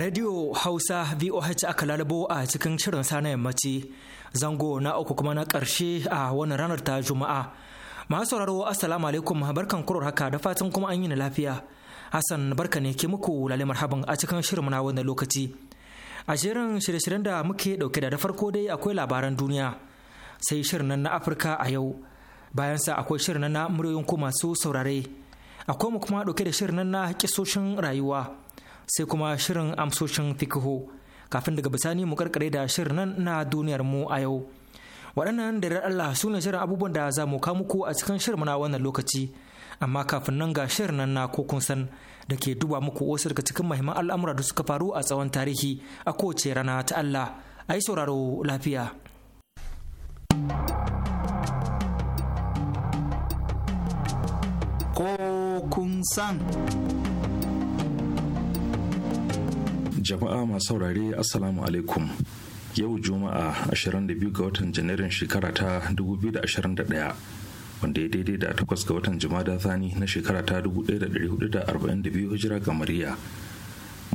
Radio Hausa VOH aka lalabo a cikin shirin sa na yammaci zango na uku kuma na ƙarshe a wannan ranar ta Juma'a. Masu sauraro Assalamu alaikum barkan kurar haka da fatan kuma an yi na lafiya. Hassan barka ne ke muku lalle marhaban a cikin shirin na wannan lokaci. A shirin shirye-shiryen da muke dauke da da farko dai akwai labaran duniya sai shirin nan na Afirka a yau. Bayan sa akwai shirin nan na muryoyin ku masu saurare. Akwai mu kuma dauke da shirin nan na kisoshin rayuwa. sai kuma shirin amsoshin fikihu kafin daga bisani mu karkare da shirin nan na duniyar mu a yau waɗannan da Allah su ne shirin abubuwan da za mu kawo muku a cikin shirin na wannan lokaci amma kafin nan ga shirin nan na kun san da ke duba muku wasu daga cikin mahimman al'amura da suka faru a tsawon tarihi a kowace rana ta Allah a yi sauraro lafiya. ko kun san. jama'a masu saurare assalamu alaikum yau juma'a 22 ga watan janairun shekara ta 2021 wanda ya daidai da takwas ga watan jima'a thani na shekara ta 1442 hijira ga Mariya.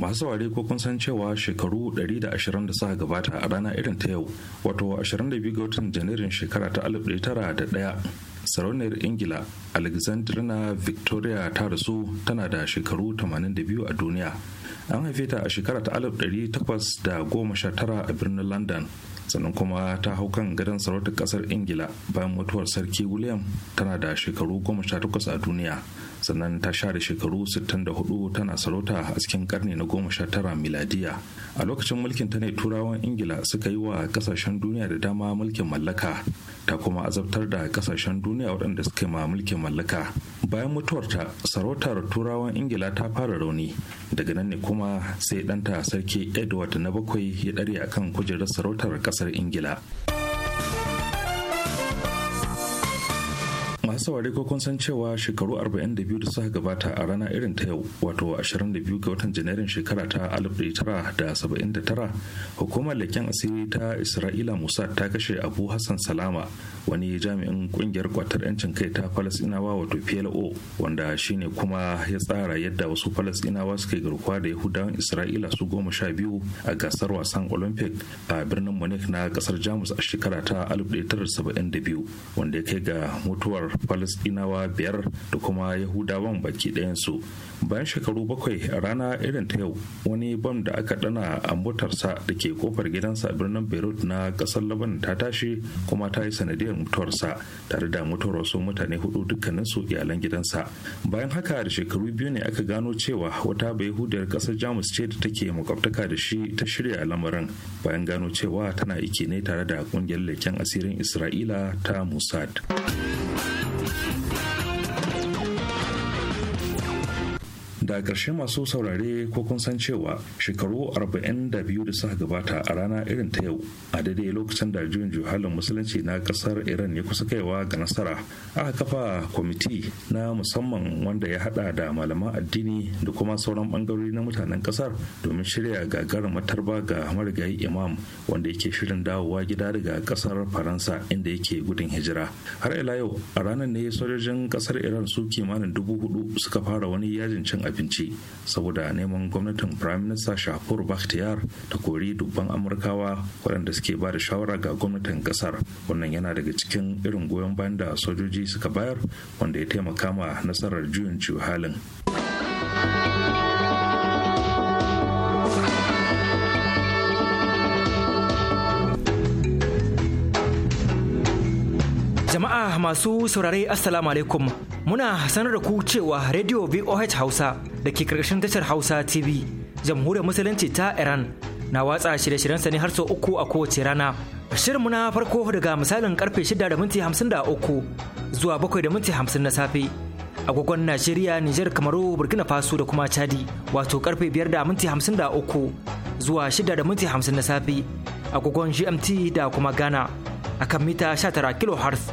masu saurare ko kun san cewa shekaru 120 da suka gabata a rana irin ta yau wato 22 ga watan janairun shekara ta 1901 sarauniyar ingila alexandrina victoria ta rasu tana da shekaru 82 a duniya an haife ta a shekara ta takwas da goma sha tara a birnin london sannan kuma ta hau kan gadon sarautar kasar ingila bayan mutuwar sarki william tana da shekaru goma sha takwas a duniya sannan ta share shekaru 64 tana sarauta a cikin karni na 19 miladiya a lokacin mulkin ta ne turawan ingila suka yi wa kasashen duniya da dama mulkin mallaka ta kuma azabtar da kasashen duniya waɗanda suka yi ma mulkin mallaka bayan mutuwarta sarautar turawan ingila ta fara rauni daga nan ne kuma sai ɗanta sarki edward na bakwai ya ɗare akan kujerar sarautar ƙasar ingila a saurari ko kun san cewa shekaru 42 da suka gabata a rana irin ta yau wato 22 ga watan janairun shekara ta 1979 hukumar leken asiri ta isra'ila musa ta kashe abu hassan salama wani jami'in kungiyar kwatar 'yancin kai ta falasinawa wato plo wanda shine kuma ya tsara yadda wasu falasinawa suke garkuwa da yahudawan isra'ila su goma sha biyu a gasar wasan olympic a birnin munich na kasar jamus a shekara ta 1972 wanda ya kai ga mutuwar falasɗinawa biyar da kuma yahudawan baki su. bayan shekaru bakwai a rana irin ta yau wani bam da aka dana a motarsa da ke kofar gidansa a birnin beirut na kasar laban ta tashi kuma ta yi sanadiyar mutuwarsa tare da mutuwar wasu mutane hudu dukkanin su iyalan gidansa bayan haka da shekaru biyu ne aka gano cewa wata bayahudiyar kasar jamus ce da take makwabtaka da shi ta shirya lamarin bayan gano cewa tana iki ne tare da kungiyar leken asirin isra'ila ta musad. da ƙarshe masu saurare ko kun san cewa shekaru 42 da suka gabata a rana irin ta yau a daidai lokacin da juyin juhalin musulunci na ƙasar iran ya kusa kaiwa ga nasara aka kafa kwamiti na musamman wanda ya hada da malaman addini da kuma sauran bangarori na mutanen ƙasar domin shirya gagarin matarba ga marigayi imam wanda yake shirin dawowa gida daga ƙasar faransa inda yake gudun hijira har ila yau a ranar ne sojojin ƙasar iran su kimanin dubu hudu suka fara wani yajin cin saboda neman gwamnatin prime minister shafur bakhtiyar ta kori dubban amurkawa waɗanda suke ba da shawara ga gwamnatin ƙasar wannan yana daga cikin irin goyon bayan da sojoji suka bayar wanda ya taimaka ma nasarar juyin halin. masu saurare assalamu alaikum muna sanar da ku cewa radio voh hausa da ke karkashin tashar hausa tv jamhuriyar musulunci ta iran na watsa shirye-shiryensa ne har sau uku a kowace rana shirinmu na farko daga misalin karfe shida da zuwa bakwai na safe agogon najeriya niger kamaru burkina faso da kuma chadi wato karfe biyar zuwa shida na safe agogon gmt da kuma ghana akan mita 19 kilohertz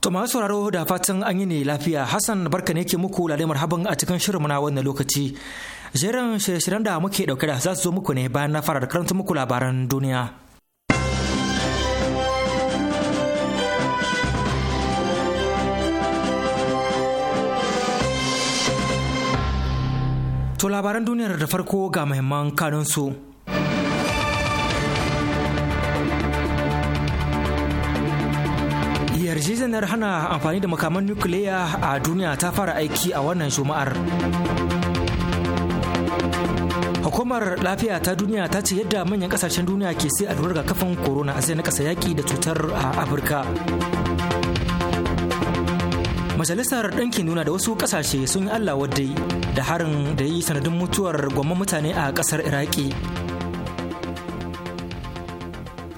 To masu sauraro da fatan an yi ne lafiya Hassan barka ne ke muku lalai marhaban a cikin shirin muna wannan lokaci. Jerin shirye-shiryen da muke dauke da za su zo muku ne bayan na fara da karanta muku labaran duniya. To labaran duniyar da farko ga muhimman kanunsu. Dokar hana amfani da makaman nukiliya a duniya ta fara aiki a wannan juma'ar. Hukumar lafiya ta duniya ta ce yadda manyan kasashen duniya ke sai ga kafin corona sai na kasa yaki da cutar a Afirka. Majalisar ɗinkin nuna da wasu ƙasashe sun yi Allah wadai da harin da yi sanadin mutuwar gwamman mutane a ƙasar Iraki.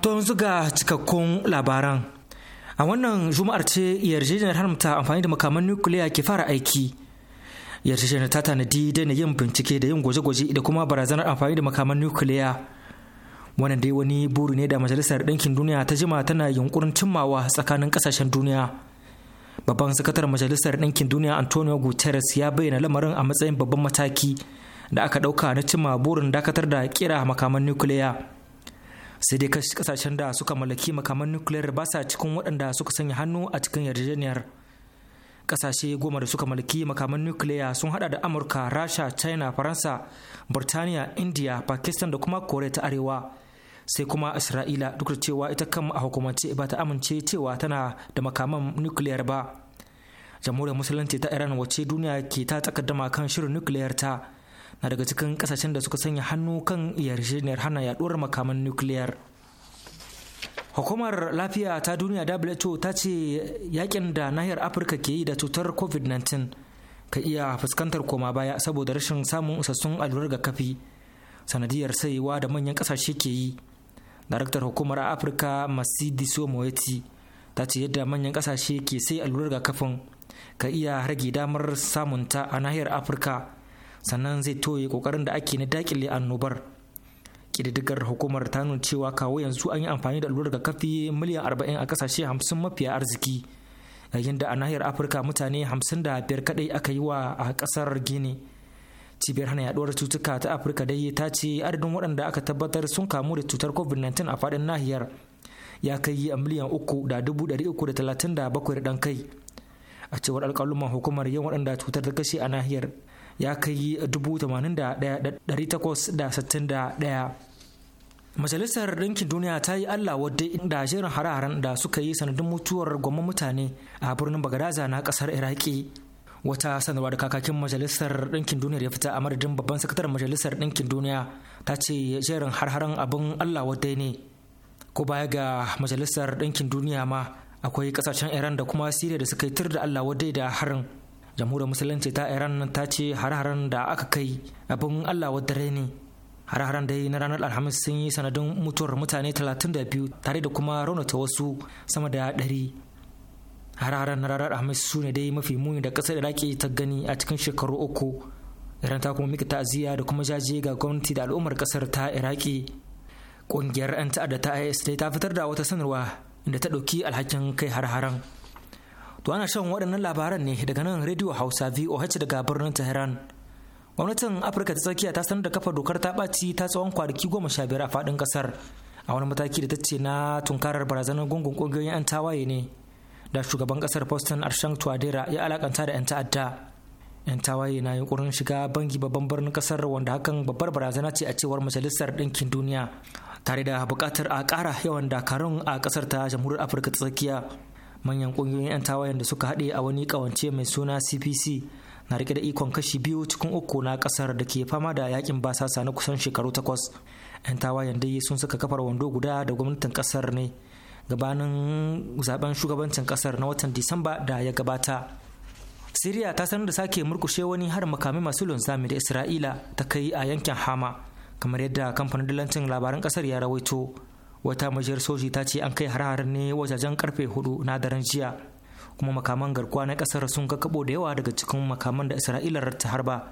To yanzu cikakkun labaran. a wannan juma'ar ce yarjejeniyar haramta amfani da makaman nukiliya ke fara aiki yarjejeniyar ta tanadi daina yin bincike da yin gwaje-gwaje da kuma barazanar amfani da makaman nukiliya wannan dai wani buri ne da majalisar ɗinkin duniya ta jima tana yunkurin cimmawa tsakanin ƙasashen duniya babban sakataren majalisar ɗinkin duniya antonio guterres ya bayyana lamarin a matsayin babban mataki da aka ɗauka na cimma burin dakatar da kira makaman nukiliya sai dai kasashen da suka mallaki makaman nukiliyar ba sa cikin waɗanda suka sanya hannu a cikin yarjejeniyar kasashe goma da suka mallaki makaman nukiliya sun hada da amurka rasha china faransa burtaniya india pakistan da kuma kore ta arewa sai kuma isra'ila duk da cewa ita kan a hukumance ba ta amince cewa tana da makaman nukiliyar ba jamhuriyar musulunci ta iran wacce duniya ke ta takaddama kan shirin nukiliyar ta na daga cikin kasashen da suka sanya hannu kan yarjejeniyar hana yaduwar makaman nukiliyar hukumar lafiya ta duniya who ta ce yakin da nahiyar afirka ke yi da cutar covid-19 ka iya fuskantar koma baya saboda rashin samun isassun allurar kafi sanadiyar saiwa da manyan kasashe ke yi daraktar hukumar afirka diso moeti ta ce yadda manyan kasashe ke sai allurar kafin ka iya rage damar samunta a nahiyar afirka sannan zai toye kokarin da ake na dakile annobar kididdigar hukumar ta nuna cewa kawo yanzu an yi amfani da allurar kafi miliyan arba'in a kasashe 50 mafiya arziki yayin da a nahiyar afirka mutane 55 kadai aka yi wa a kasar gini cibiyar hana yaduwar cutuka ta afirka dai ta ce adadin waɗanda aka tabbatar sun kamu da cutar covid-19 a faɗin nahiyar ya kai a miliyan uku da dubu dari uku da talatin da bakwai ɗan kai a cewar alƙaluman hukumar yin waɗanda cutar ta kashe a nahiyar ya kai 81,861 Majalisar Ɗinkin Duniya ta yi Allah wadda da shirin hare-haren da suka yi sanadin mutuwar gwamman mutane a birnin Bagadaza na kasar Iraki. Wata sanarwa da kakakin Majalisar Ɗinkin Duniya ya fita a madadin babban sakataren Majalisar Ɗinkin Duniya ta ce jerin har-haren abin Allah wadda ne. Ko baya ga Majalisar Ɗinkin Duniya ma akwai kasashen Iran da kuma Siriya da suka yi tur da Allah wadda da harin. jamhuriyar musulunci ta iran ta ce har-haren da aka kai abin allah wadare ne har-haren da na ranar alhamis sun yi sanadin mutuwar mutane 32 tare da kuma raunata wasu sama da ɗari har-haren na ranar alhamis su ne dai mafi muni da kasar iraki ta gani a cikin shekaru uku iran ta kuma mika ta'aziyya da kuma jaje ga gwamnati da al'ummar kasar ta iraki ƙungiyar 'yan ta'adda ta is ta fitar da wata sanarwa inda ta ɗauki alhakin kai har-haren To ana shan waɗannan labaran ne daga nan rediyo Hausa VOH daga birnin Tehran. Gwamnatin Afirka ta tsakiya ta sanar da kafa dokar ta ɓaci ta tsawon kwanaki goma sha biyar a faɗin ƙasar a wani mataki da ta ce na tunkarar barazanar gungun ƙungiyoyin 'yan tawaye ne da shugaban ƙasar Boston Arshang Tuadera ya alakanta da 'yan ta'adda. 'yan tawaye na yunkurin shiga bangi babban birnin ƙasar wanda hakan babbar barazana ce a cewar majalisar ɗinkin duniya tare da buƙatar a ƙara yawan dakarun a ƙasar ta jamhuriyar afirka ta tsakiya manyan kungiyoyin 'yan tawayen da suka haɗe a wani kawance mai suna cpc na rike da ikon kashi biyu cikin uku na ƙasar da ke fama da yakin basasa na kusan shekaru takwas 'yan tawayen dai sun saka kafar wando guda da gwamnatin ƙasar ne gabanin zaben shugabancin ƙasar na watan disamba da ya gabata siriya ta sanar da sake murkushe wani har makami masu linzami da isra'ila ta kai a yankin hama kamar yadda kamfanin dalancin labaran kasar ya rawaito wata majiyar soji ta ce an kai har ne wajajen karfe hudu na daren jiya kuma makaman garkuwa na kasar sun ga kabo da yawa daga cikin makaman da isra'ilar ta harba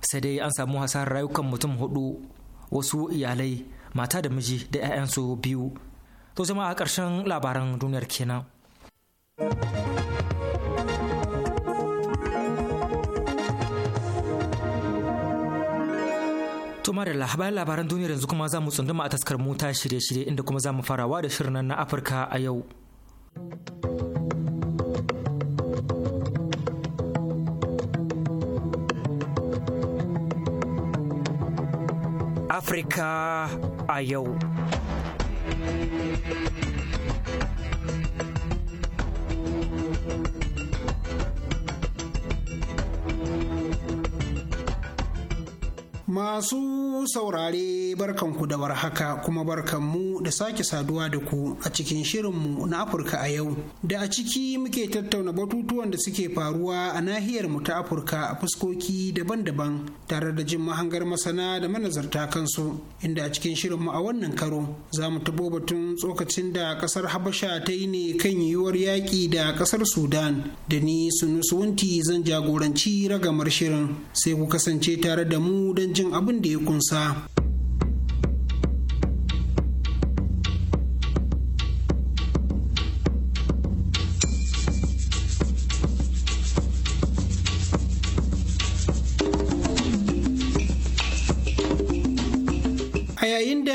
sai dai an samu hasar rayukan mutum hudu wasu iyalai mata da miji da 'ya'yansu biyu to zama a karshen labaran duniyar kenan To Marilla, bayan labaran duniyar yanzu kuma za mu tsunduma a taskar mota shirye-shirye inda kuma za mu farawa da shirin na Afirka a yau. Afirka a yau. Masu saurare barkanku da warhaka kuma barkanmu da sake saduwa da ku a cikin shirinmu na Afirka a yau. Da a ciki muke tattauna batutuwan da suke faruwa a nahiyar mu ta Afirka a fuskoki daban-daban tare da jin mahangar masana da manazarta kansu inda a cikin shirinmu a wannan karo za mu tabo batun tsokacin da kasar Habasha ta yi ne kan yiwuwar yaƙi da kasar Sudan da ni wunti zan jagoranci ragamar shirin sai ku kasance tare da mu don jin jin abin da ya kunsa.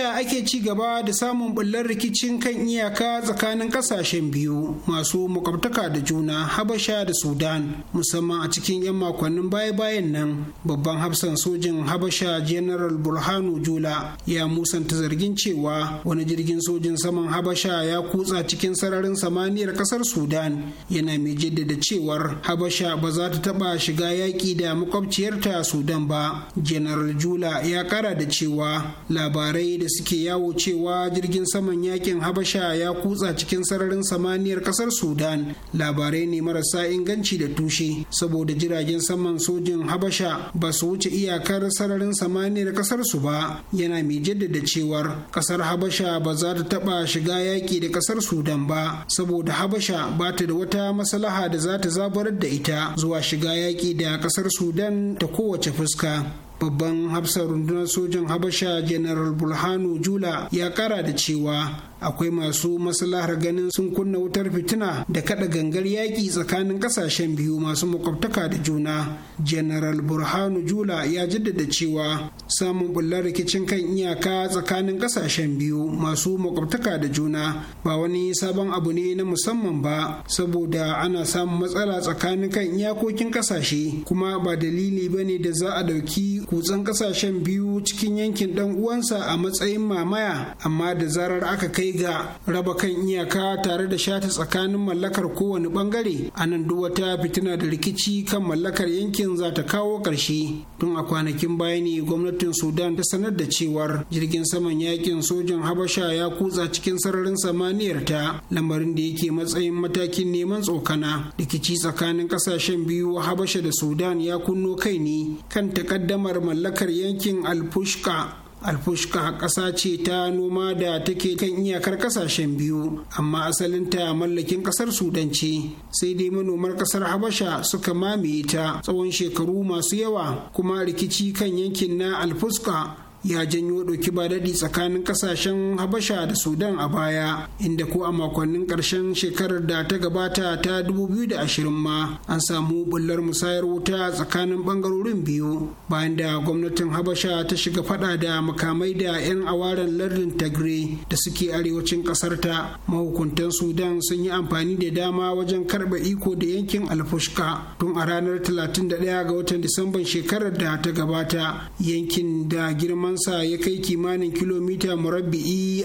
yadda ake ci gaba da samun bullar rikicin kan iyaka tsakanin kasashen biyu masu makwabtaka da juna habasha da sudan musamman a cikin 'yan makonnin baya-bayan nan babban hafsan sojin habasha general burhanu jula ya musanta zargin cewa wani jirgin sojin saman habasha ya kutsa cikin sararin samaniyar kasar sudan yana mai jaddada cewar habasha ba za ta taba shiga yaƙi da makwabciyarta sudan ba general jula ya kara da cewa labarai da suke yawo cewa jirgin saman yakin habasha ya kutsa cikin sararin samaniyar kasar sudan labarai ne marasa inganci da tushe saboda jiragen saman sojin habasha ba su wuce iyakar sararin samaniyar kasar su ba yana mai jaddada cewar kasar habasha ba za ta taba shiga yaki da kasar sudan ba saboda habasha ba ta da wata maslaha da za ta zabarar da ita zuwa shiga yaki da kasar sudan ta kowace fuska babban hafsa rundunar sojan habasha general bulhanu jula ya kara da cewa akwai masu maslahar ganin sun kunna wutar fitina da kada gangar yaƙi tsakanin ƙasashen biyu masu makwabtaka da juna general burhanu jula ya jaddada cewa samun bullar rikicin kan iyaka tsakanin ƙasashen biyu masu makwabtaka da juna ba wani sabon abu ne na musamman ba saboda ana samun matsala tsakanin kan iyakokin ƙasashe kuma ba dalili ba ne da za a ɗauki kutsen ƙasashen biyu cikin yankin ɗan uwansa a matsayin mamaya amma da zarar aka kai kai ga raba kan iyaka tare da shata tsakanin mallakar kowane bangare a nan duk wata fitina da rikici kan mallakar yankin za ta kawo ƙarshe tun a kwanakin baya ne gwamnatin sudan ta sanar da cewar jirgin saman yakin sojan habasha ya kutsa cikin sararin samaniyar ta lamarin da yake matsayin matakin neman tsokana rikici tsakanin kasashen biyu habasha da sudan ya kunno kai ne kan takaddamar mallakar yankin alfushka alfushka ƙasa ce ta noma da take kan iyakar ƙasashen biyu amma asalin asalinta mallakin ƙasar sudan ce sai dai manomar ƙasar habasha suka mamaye ta tsawon shekaru masu yawa kuma rikici kan yankin na alfuska ya janyo ɗauki ba daɗi tsakanin ƙasashen habasha da sudan a baya inda ko a makonnin ƙarshen shekarar da ta gabata ta 2020 ma an samu bullar musayar wuta tsakanin ɓangarorin biyu bayan da gwamnatin habasha ta shiga faɗa da makamai da 'yan awaren lardin Tagre da suke arewacin ƙasar ta mahukuntan sudan sun yi amfani da dama wajen karɓa iko da yankin alfushka tun a ranar 31 ga watan disamban shekarar da ta gabata yankin da girman nisansa ya kai kimanin kilomita murabbi'i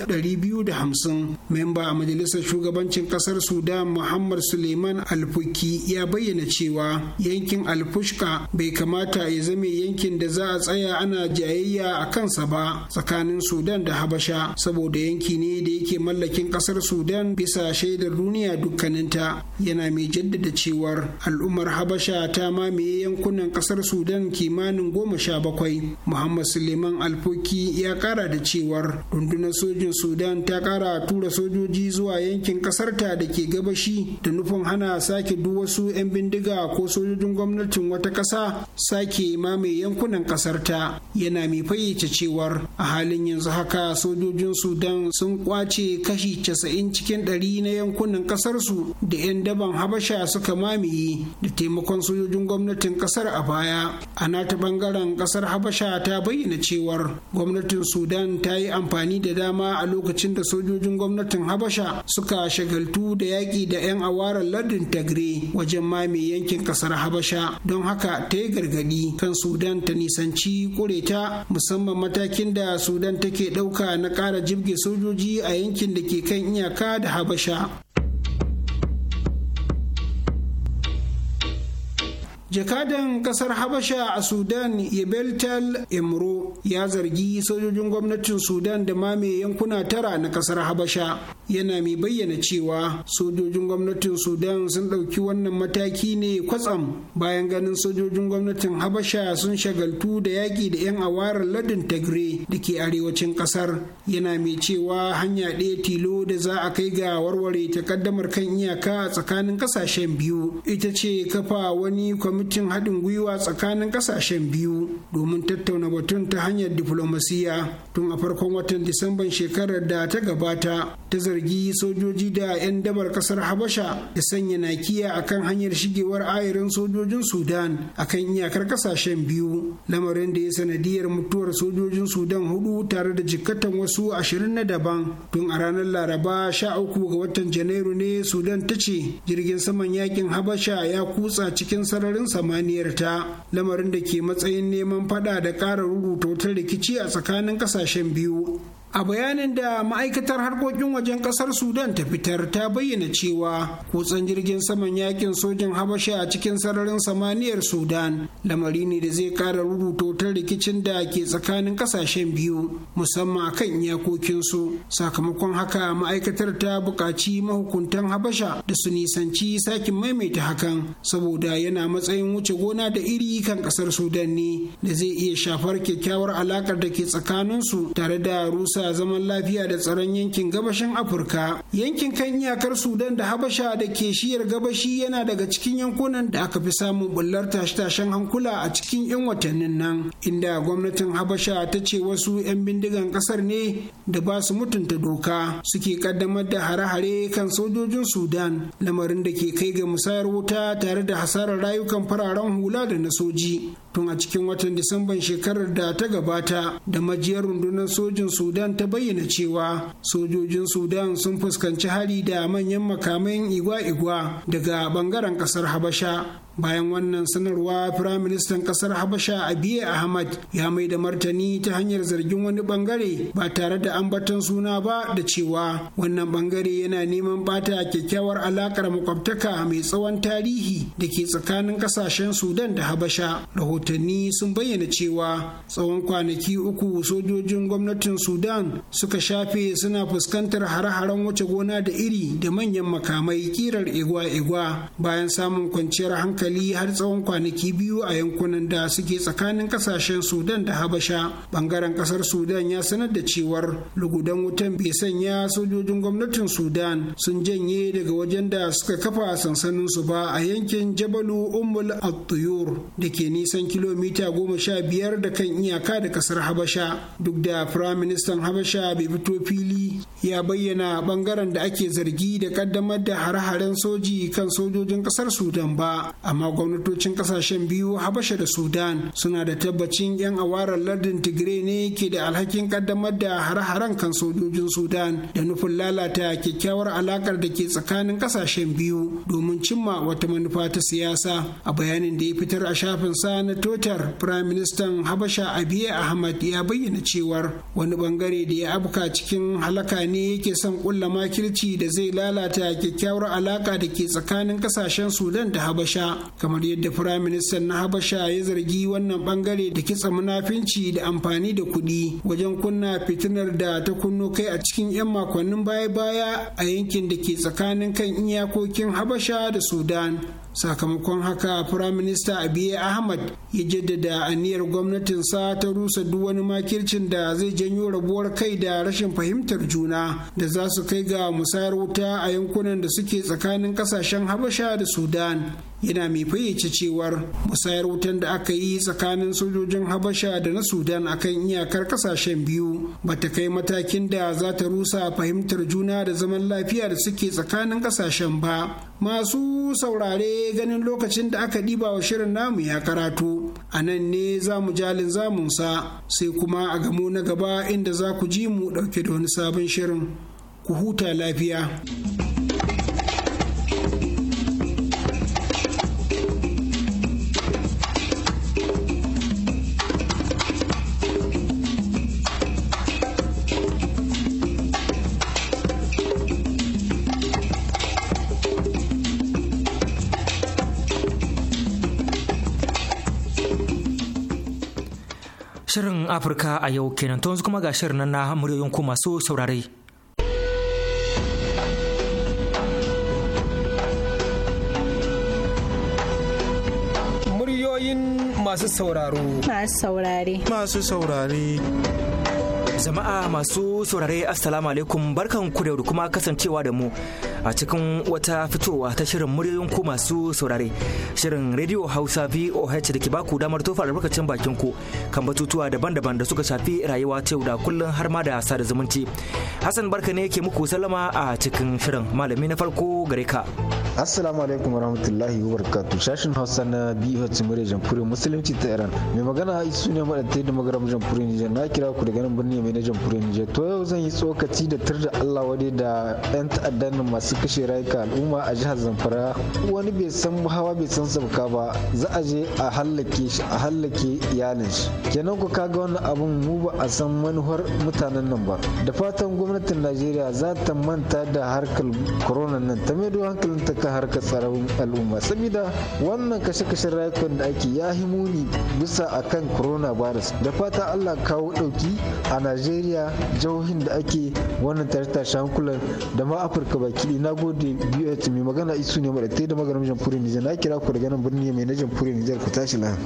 da hamsin. memba a majalisar shugabancin kasar sudan muhammad suleiman alfuki ya bayyana cewa yankin alfushka bai kamata ya zame yankin da za a tsaya ana jayayya a kansa ba tsakanin sudan da habasha saboda yanki ne da yake mallakin kasar sudan bisa shaidar duniya dukkaninta yana mai jaddada cewar al'ummar habasha ta mamaye yankunan kasar sudan kimanin goma sha bakwai muhammad suleiman alfoki ya kara da cewar rundunar sojin sudan ta kara tura sojoji zuwa yankin kasarta da ke gabashi da nufin hana sake duk wasu 'yan bindiga ko sojojin gwamnatin wata ƙasa sake mamaye yankunan kasarta yana mai fayyace cewar a halin yanzu haka sojojin sudan sun kwace kashi casa'in cikin ɗari na yankunan ƙasarsu da 'yan daban habasha suka mamaye da taimakon sojojin gwamnatin ƙasar a baya a nata bangaren kasar habasha ta bayyana cewar gwamnatin sudan ta yi amfani da dama a lokacin da sojojin gwamnatin habasha suka shagaltu da yaƙi da 'yan awarar lardin tagre wajen mame yankin kasar habasha don haka ta yi gargaɗi kan sudan ta nisanci kureta musamman matakin da sudan take ɗauka na ƙara jirgin sojoji a yankin da ke kan iyaka da habasha jakadan kasar habasha a sudan yabeltal emro ya zargi sojojin gwamnatin sudan da mame yankuna tara na kasar habasha yana mai bayyana cewa sojojin gwamnatin sudan sun ɗauki wannan mataki ne kwatsam bayan ganin sojojin gwamnatin habasha sun shagaltu da yaƙi da 'yan awarar ladin tagre da ke arewacin kasar yana mai cewa hanya ɗaya tilo da za a kai ga warware takaddamar kan iyaka tsakanin ƙasashen biyu ita ce kafa wani kwamitin kwamitin haɗin gwiwa tsakanin ƙasashen biyu domin tattauna batun ta hanyar diflomasiya tun a farkon watan disamban shekarar da ta gabata ta zargi sojoji da 'yan dabar ƙasar habasha da sanya nakiya akan hanyar shigewar ayarin sojojin sudan a kan iyakar ƙasashen biyu lamarin da ya sanadiyar mutuwar sojojin sudan hudu tare da jikkatan wasu ashirin na daban tun a ranar laraba sha uku ga watan janairu ne sudan ta ce jirgin saman yakin habasha ya kutsa cikin sararin samaniyar ta lamarin da ke matsayin neman fada da ƙara rubuta wutar rikici a tsakanin ƙasashen biyu a bayanin da ma'aikatar harkokin wajen kasar sudan ta fitar ta bayyana cewa kutsen jirgin saman yakin sojin habasha a cikin sararin samaniyar sudan lamari ne da zai kara rubuto ta rikicin da ke tsakanin kasashen biyu musamman kan iyakokinsu sakamakon haka ma'aikatar ta buƙaci mahukuntan habasha da su nisanci sakin maimaita hakan saboda yana matsayin wuce gona da iri kan kasar sudan ne da zai iya shafar kyakkyawar alakar da ke tsakaninsu tare da rusa sa zaman lafiya da tsaron yankin gabashin afirka yankin kan iyakar sudan da habasha da ke shiyar gabashi yana daga cikin yankunan da aka fi samun bullar tashe-tashen hankula a cikin 'yan watannin nan inda gwamnatin habasha ta ce wasu 'yan bindigan ƙasar ne da ba su mutunta doka suke kaddamar da hare-hare kan sojojin sudan lamarin da ke kai ga musayar wuta tare da hasarar rayukan fararen hula da na soji tun a cikin watan disamban shekarar da ta gabata da majiyar rundunar sojin sudan sudan ta bayyana cewa sojojin sudan sun fuskanci hari da manyan makaman igwa-igwa daga bangaren kasar habasha bayan wannan sanarwa firaministan kasar habasha abiy ahmad ya mai da martani ta hanyar zargin wani bangare ba tare da ambaton suna ba da cewa wannan bangare yana neman bata kyakkyawar alakar makwabtaka mai tsawon tarihi da ke tsakanin kasashen sudan da habasha rahotanni sun bayyana cewa tsawon kwanaki uku sojojin gwamnatin sudan suka shafe suna fuskantar hare-haren wace gona da iri da manyan makamai kirar igwa-igwa bayan samun kwanciyar hankali hankali har tsawon kwanaki biyu a yankunan da suke tsakanin kasashen sudan da habasha bangaren kasar sudan ya sanar da cewar lugudan wutan bai sanya sojojin gwamnatin sudan sun janye daga wajen da suka kafa sansanin su ba a yankin jabalu ummul at-tuyur da ke nisan kilomita goma sha biyar da kan iyaka da kasar habasha duk da firaministan habasha bai fito fili ya bayyana bangaren da ake zargi da kaddamar da hare-haren soji kan sojojin kasar sudan ba amma gwamnatocin kasashen biyu habasha da sudan suna da tabbacin yan awarar lardin tigray ne ke da alhakin kaddamar da hare-haren kan sojojin sudan da nufin lalata kyakkyawar alakar da ke tsakanin kasashen biyu domin cimma wata manufa ta siyasa a bayanin da ya fitar a shafin sa na totar prime ministan habasha abiy ahmad ya bayyana cewar wani bangare da ya abuka cikin halaka ne yake son kulla makirci da zai lalata kyakkyawar alaka da ke tsakanin kasashen sudan da habasha kamar yadda firaministan na habasha ya zargi wannan bangare da kitsa munafinci da amfani da kuɗi wajen kunna fitinar da ta kunno kai a cikin 'yan makonnin baya-baya a yankin da ke tsakanin kan iyakokin habasha da sudan sakamakon haka firaminista abiy ahmad ya jaddada aniyar gwamnatinsa ta rusa duk wani makircin da zai janyo rabuwar kai da rashin fahimtar juna da za su kai ga musayar wuta a yankunan da suke tsakanin kasashen habasha da sudan yana mai fayyace cewar musayar wutan da aka yi tsakanin sojojin habasha da na sudan akan iyakar kasashen biyu ba ta kai matakin da za ta rusa fahimtar juna da zaman lafiya da suke tsakanin kasashen ba masu saurare ganin lokacin da aka ɗiba wa shirin namu ya karatu a nan ne za mu jalin zamunsa sai kuma a gamo na gaba inda za ku ji mu ɗauke da wani sabon shirin ku huta lafiya. Shirin Afirka a yau kenan to yanzu kuma ga shirin nan na muryoyin ku masu saurare. Muryoyin masu sauraro. Masu saurare. Masu saurare. Jama'a masu saurare Assalamu alaikum barkan ku da kuma kasancewa da mu. a cikin wata fitowa ta shirin muryoyin ku masu saurare shirin radio hausa voh da ke baku damar tofa albarkacin bakin ku kan batutuwa daban-daban da suka shafi rayuwa ta yau da kullum har ma da sada zumunci hassan barka ne ke muku salama a cikin shirin malami na farko gare ka assalamu alaikum warahmatullahi wabarakatuh sashin hausa na biyu hacci murya jamhuriyar musulunci ta iran mai magana isu ne mara ta da magaram jamhuriyar nijar na kira ku da ganin birni mai na jamhuriyar nijar to yau zan yi tsokaci da tar da allah wadai da yan ta'addan masu masu kashe rayuka al'umma a jihar zamfara wani bai san hawa bai san sabka ba za a je a hallake shi a hallake iyalin shi kenan ku kaga wannan abun mu ba a san manuwar mutanen nan ba da fatan gwamnatin najeriya za ta manta da harkar corona nan ta maido hankalinta kan harkar tsaron al'umma saboda wannan kashe kashe rayukan da ake ya ni bisa akan corona virus da fata allah kawo dauki a najeriya jihohin da ake wannan tare-tashen da ma afirka baki na gode biyu mai magana isu ne madatai da magaram jamfuri nijar na kira ku daga nan birni mai na jamfuri nijar ku tashi lahan.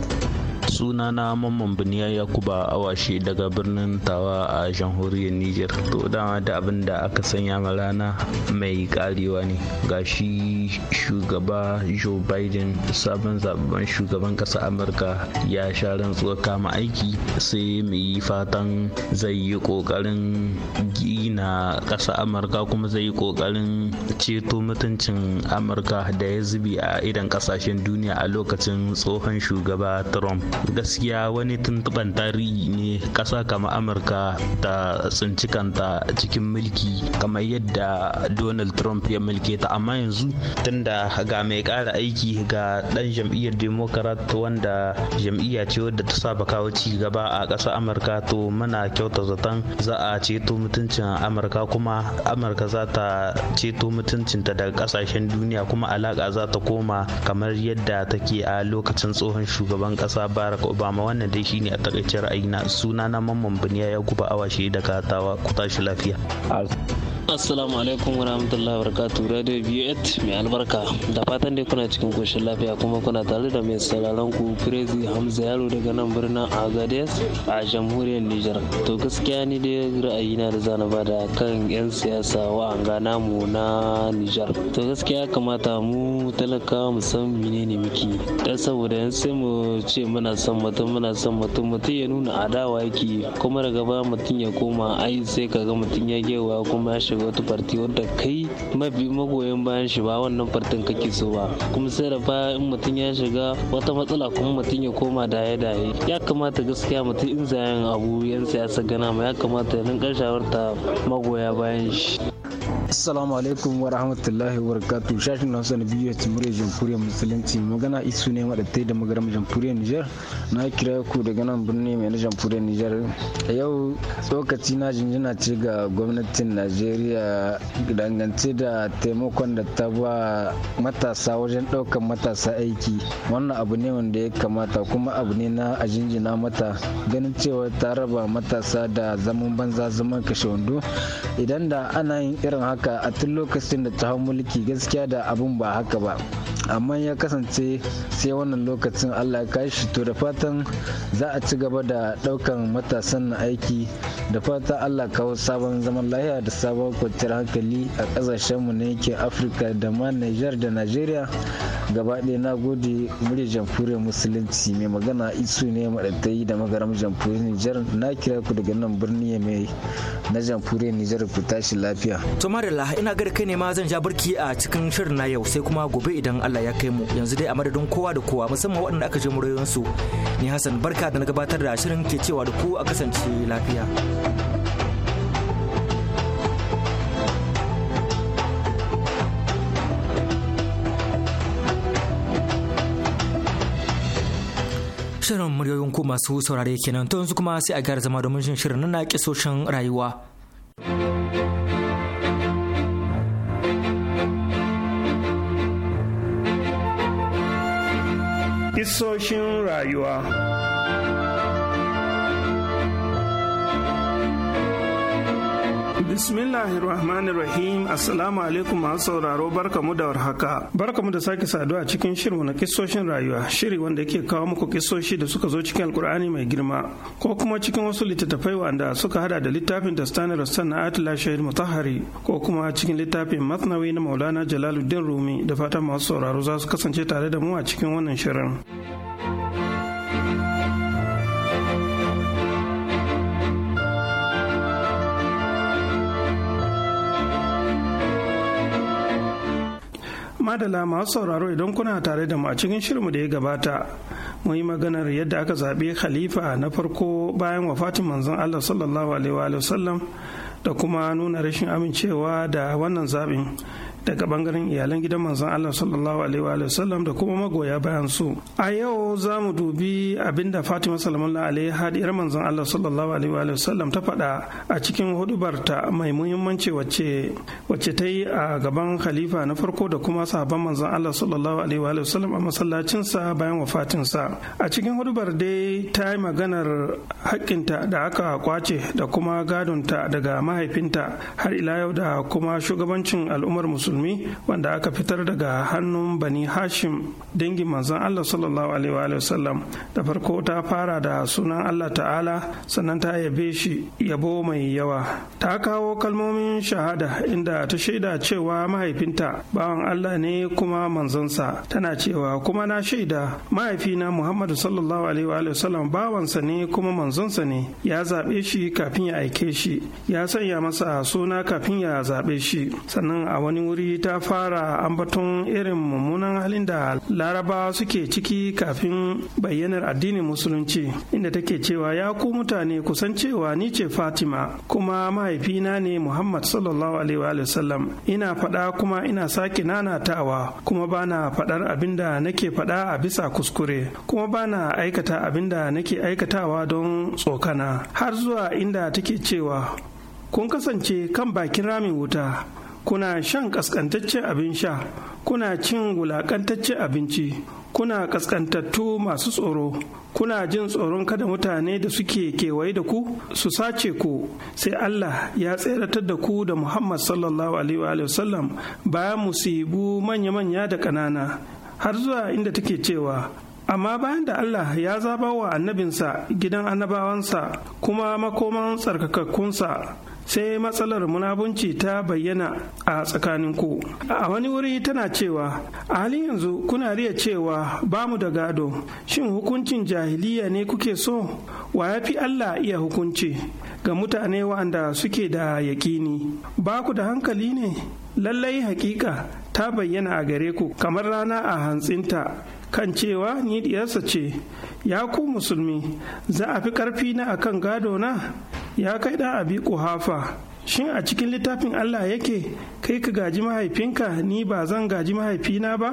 sunana mamman biniya yakuba awashe daga birnin tawa a jamhuriyar niger to dama da abin da aka sanya ma rana mai karewa ne gashi shugaba joe biden sabon zababban shugaban kasa amurka ya sha rantsuwar kama aiki sai mu yi fatan zai yi ƙoƙarin gina kasa amurka kuma zai yi ƙoƙarin ceto mutuncin amurka da ya zubi a idan ƙasashen duniya a lokacin tsohon shugaba trump gaskiya wani tuntuban tarihi ne ƙasa kama amurka ta tsinci kanta cikin mulki kamar yadda donald trump ya mulke ta amma yanzu tunda ga mai ƙara aiki ga ɗan jam'iyyar democrat wanda jam'iyya ce wadda ta saba kawo ci gaba a ƙasar amurka to muna kyauta zaton za a ceto mutuncin amurka kuma amurka za ta ceto mutuncinta daga ƙasashen duniya kuma alaƙa za ta koma kamar yadda take a lokacin tsohon shugaban ƙasa ba barack obama wannan dai shine a takaice ra'ayi na suna na mamman biniya ya guba awa shida daga tawa ku tashi lafiya assalamu alaikum wa rahmatullahi wa barakatu radio V8 mai albarka da fatan dai kuna cikin koshin lafiya kuma kuna tare da mai sauraron ku crazy hamza yaro daga nan birnin Agadez a jamhuriyar niger to gaskiya ni dai ra'ayina da zana da kan yan siyasa wa an mu na niger to gaskiya kamata mu talaka mu san menene muke dan saboda yan sai mu ce muna son mutum muna son mutum mutum ya nuna adawa yake kuma daga ba mutum ya koma ai sai kaga mutum ya gewa kuma ya shiga wata farti wadda kai mabi magoyan bayan shi ba wannan fartin kake so ba kuma sai da in mutum ya shiga wata matsala kuma mutum ya koma daye daye ya kamata gaskiya mutum in zayen abu yan siyasa gana ma ya kamata ya rinka shawarta magoya bayan shi Assalamu alaikum wa rahmatullahi wa barakatu shashin na sani biyu ta murya jamhuriyar musulunci magana isu ne maɗatai da magaram jamhuriyar Nijar na kira ku daga nan birni mai na jamhuriyar Nijar a yau tsokaci na jinjina ce ga gwamnatin Najeriya dangance da taimakon da ta ba matasa wajen ɗaukar matasa aiki wannan abu ne wanda ya kamata kuma abu ne na a jinjina mata ganin cewa ta raba matasa da zaman banza zaman kashe wando idan da ana yin irin haka haka a tun lokacin da ta hau mulki gaskiya da abun ba haka ba amma ya kasance sai wannan lokacin allah ya kashi to da fatan za a ci gaba da ɗaukan matasan na aiki da fata allah kawo sabon zaman lahiya da sabon kwanciyar hankali a mu na yankin afirka da ma niger da nigeria gaba ɗaya na gode muryar jamhuriyar musulunci mai magana isu ne maɗaɗai da magaram jamhuriyar niger na kira ku daga nan birni mai na jamhuriyar niger ku tashi lafiya to marilla ina ga kai ne ma zan ja burki a cikin shirin na yau sai kuma gobe idan allah Allah ya kai mu yanzu dai a madadin kowa da kowa musamman waɗanda aka je murayoyinsu ni Hassan barka da na gabatar da shirin ke cewa da ku a kasance lafiya. Shirin muryoyin ku masu saurare kenan to yanzu kuma sai a gyara zama domin shirin na kisoshin rayuwa. Kisoshin rayuwa. rahim Assalamu alaikum masu sauraro barkamu da warhaka. Barkamu da sake saduwa cikin shirin na kisoshin rayuwa, shiri wanda yake kawo muku kisoshi da suka zo cikin Alkur'ani mai girma ko kuma cikin wasu littattafai wanda suka hada da littafin Dastani rassan na Atila Shahid Mutahari ko kuma cikin littafin Masnawi na Maulana Jalaluddin Rumi da fatan masu sauraro za su kasance tare da mu a cikin wannan shirin. madala masu sauraro idan kuna tare da mu a cikin shirinmu da ya gabata mun yi maganar yadda aka zaɓi khalifa na farko bayan wafatin manzon allah sallallahu alaihi wa sallam da kuma nuna rashin amincewa da wannan zaɓin daga bangaren iyalan gidan manzon Allah sallallahu alaihi wa sallam da kuma magoya bayan su a yau za mu dubi abinda Fatima sallallahu alaihi hadiyar manzon Allah sallallahu alaihi wa sallam ta faɗa a cikin hudubarta mai muhimmanci wacce wacce ta yi a gaban khalifa na farko da kuma sahabban manzon Allah sallallahu alaihi wa sallam a masallacin sa bayan wafatin sa a cikin hudubar dai ta yi maganar haƙƙinta da aka kwace da kuma gadonta daga mahaifinta har ila yau da kuma shugabancin al'ummar musulmi musulmi wanda aka fitar daga hannun bani hashim dangin manzon allah sallallahu alaihi wa da farko ta fara da sunan allah ta'ala sannan ta yabe shi yabo mai yawa ta kawo kalmomin shahada inda ta shaida cewa mahaifinta bawan allah ne kuma manzonsa tana cewa kuma na shaida mahaifina Muhammad sallallahu alaihi wa bawansa ne kuma manzonsa ne ya zaɓe shi kafin ya aike shi ya sanya masa suna kafin ya zaɓe shi sannan a wani wuri dai ta fara ambaton irin mummunan halin da larabawa suke ciki kafin bayyanar addinin musulunci inda take cewa ya ku mutane kusan cewa ni ce fatima kuma mahaifina ne muhammad sallallahu alaihi wa sallam ina faɗa kuma ina sake nanatawa kuma bana faɗar abin nake faɗa a bisa kuskure kuma bana aikata abinda nake aikatawa don tsokana har zuwa inda take cewa kun kasance kan bakin ramin wuta kuna shan kaskantaccen abin sha kuna cin wulakantaccen abinci kuna kaskantattu masu tsoro kuna jin tsoron kada mutane da suke kewaye da ku su sace ku sai Allah ya tseratar da ku da Muhammad sallallahu alaihi wa sallam bayan musibu manya-manya da ƙanana har zuwa inda take cewa amma bayan da Allah ya zaba wa annabinsa gidan annabawansa kuma makoman tsarkakakkunsa sai matsalar munabunci ta bayyana a tsakanin ku a wani wuri tana cewa a halin yanzu kuna riya cewa ba mu da gado shin hukuncin jahiliya ne kuke so wa ya fi allah iya hukunci ga mutane waɗanda suke da yakini ba ku da hankali ne lallai hakika ta bayyana a gare ku kamar rana a hantsinta kan cewa ni diyarsa ce ya ku musulmi za a fi ƙarfi na akan gado na ya kai da abi hafa. shin a cikin littafin Allah yake kai ka gaji mahaifinka ni ba zan gaji mahaifina ba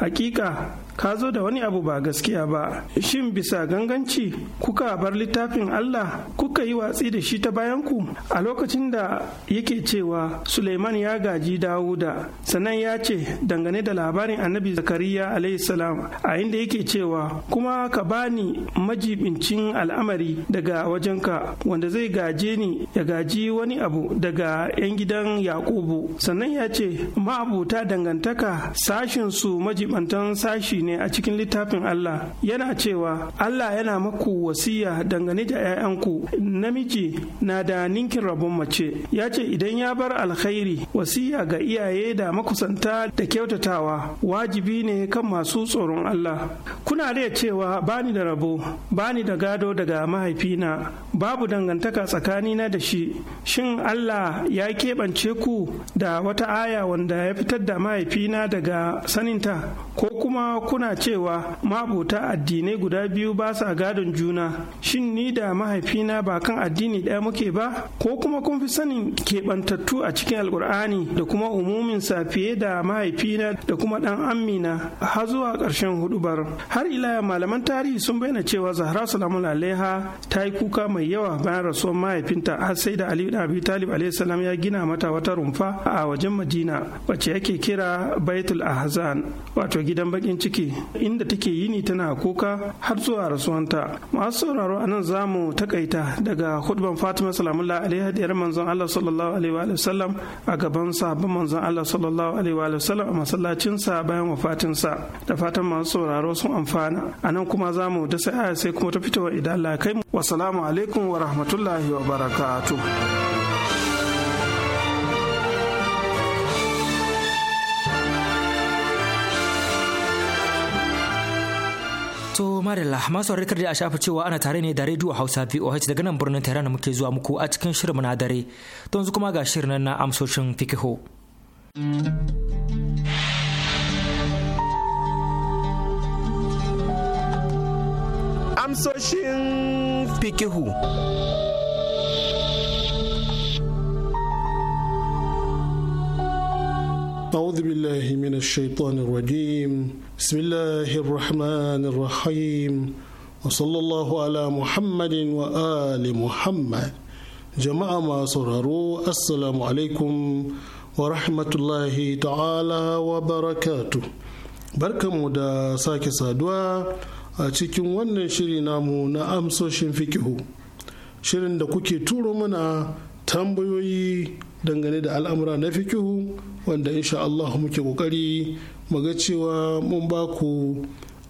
hakika ka zo da wani abu ba gaskiya ba shin bisa ganganci kuka bar littafin Allah kuka yi watsi da shi ta bayan ku a lokacin da yake cewa Suleiman ya gaji Dawuda sannan ya ce dangane da labarin Annabi Zakariya alaihissalam a inda yake cewa kuma ka bani majibincin al'amari daga wajenka wanda zai gaje ni ya gaji wani abu daga 'yan gidan Yakubu sannan ya ce ma'abuta dangantaka sashin su majibantan sashi ne a cikin littafin Allah yana cewa Allah yana maku wasiya dangane da 'ya'yanku namiji na da ninkin rabon mace ya ce idan ya bar alkhairi wasiya ga iyaye da makusanta da kyautatawa wajibi ne kan masu tsoron Allah kuna da cewa bani da rabo bani da gado daga mahaifina babu dangantaka tsakani na da shi shin Allah ya keɓance ku da wata aya wanda ya fitar da mahaifina daga saninta ko kuma kuna cewa mabuta addinai guda biyu ba sa gadon juna shin ni da mahaifina ba kan addini ɗaya muke ba ko kuma kun fi sanin keɓantattu a cikin alkur'ani da kuma sa fiye da mahaifina da kuma ɗan amina har zuwa ƙarshen hudubar har ila malaman tarihi sun bayyana cewa zahra salamu alaiha ta yi kuka mai yawa bayan rasuwar mahaifinta har sai da aliyu abi talib alaihissalam ya gina mata wata rumfa a wajen madina wacce yake kira baitul ahzan wato gidan bakin ciki ce inda take yini tana kuka har zuwa rasuwanta masu sauraro a nan za mu takaita daga hudban fatima salamullah alaiha diyar manzon allah sallallahu alaihi wa sallam a gaban sabon manzon allah sallallahu alaihi wa sallam a masallacin bayan wafatin sa da fatan masu sauraro sun amfana a nan kuma za mu dasa aya sai kuma ta fitowa idan allah kai mu wasalamu alaikum wa rahmatullahi wa barakatuh To Marilla, masu rikar da a shafa cewa ana tare ne da rediyo Hausa VOH daga nan birnin Tehran muke zuwa muku a cikin shirin na dare. To yanzu kuma ga shirin na amsoshin fikiho. Amsoshin fikihu. أعوذ بالله من الشيطان الرجيم بسم الله الرحمن الرحيم وصلى الله على محمد وآل محمد جماعة ما صرروا السلام عليكم ورحمة الله تعالى وبركاته da sake saduwa a cikin wannan shiri namu na amsoshin fikihu shirin da kuke turo mana tambayoyi dangane da al'amura na fikihu wanda insha Allah muke kokari mu ga cewa mun ba ku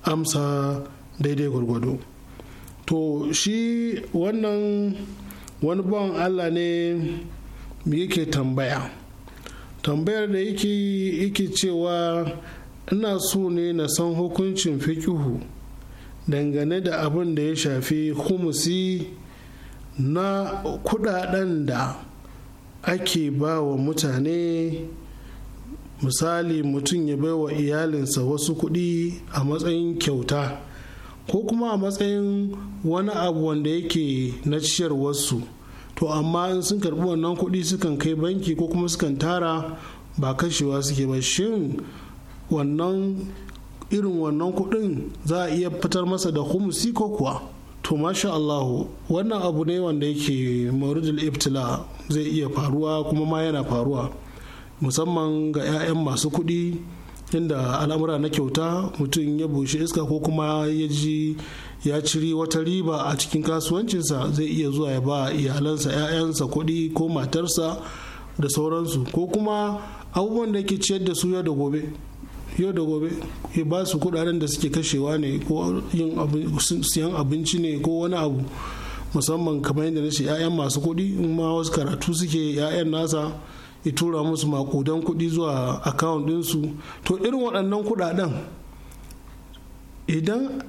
amsa daidai gwargwado to shi wannan wani bawan Allah ne mu yake tambaya tambayar da yake yake cewa ina so ne na san hukuncin fikihu dangane da abin da ya shafi humusi na kudaden da ake ba wa mutane misali mutum ya baiwa iyalinsa wasu kuɗi a matsayin kyauta ko kuma a matsayin wani abu wanda yake na ciyar wasu, to amma in sun karɓi wannan kuɗi sukan kai banki ko kuma sukan tara ba kashewa suke ba shin wannan irin wannan kuɗin za a iya fitar masa da humusi ko kuwa to masha Allah wannan abu ne wanda yake maurudul ibtila zai iya faruwa kuma ma yana faruwa musamman ga 'ya'yan masu kuɗi inda al'amura na kyauta mutum ya bushe iska ko kuma ya ji ya ciri wata riba a cikin kasuwancinsa zai iya zuwa ya ba iyalansa 'ya'yansa kuɗi ko matarsa da sauransu ko kuma abubuwan da ke ciyar da su yau da gobe yau da gobe ya ba su kudaden da suke kashewa ne ko yin siyan abinci ne ko wani abu musamman kamar yadda na ce 'ya'yan masu kuɗi ma wasu karatu suke 'ya'yan nasa ya tura musu makudan kuɗi zuwa akawun ɗinsu to irin waɗannan kuɗaɗen idan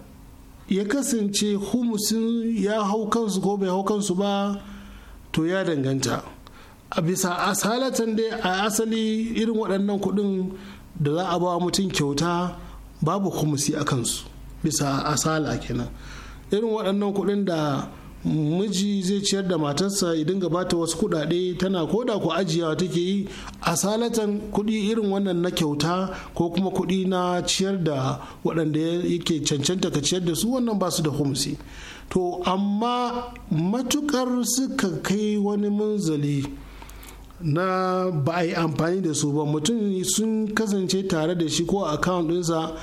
ya kasance humusin ya hau kansu ko bai hau kansu ba to ya danganta a bisa asalatan dai a asali irin waɗannan kuɗin da za a bawa mutum kyauta babu humusi a kansu bisa asala kenan irin waɗannan kuɗin da miji zai ciyar da matarsa idan gabata wasu kudade tana koda ku ajiyawa take yi asalatan kudi irin wannan na kyauta ko kuma kudi na ciyar da waɗanda yake cancanta ka ciyar da su wannan basu da humsi to amma matukar suka kai wani munzali na ba a yi amfani da su ba mutum sun kasance tare da shi ko a ɗinsa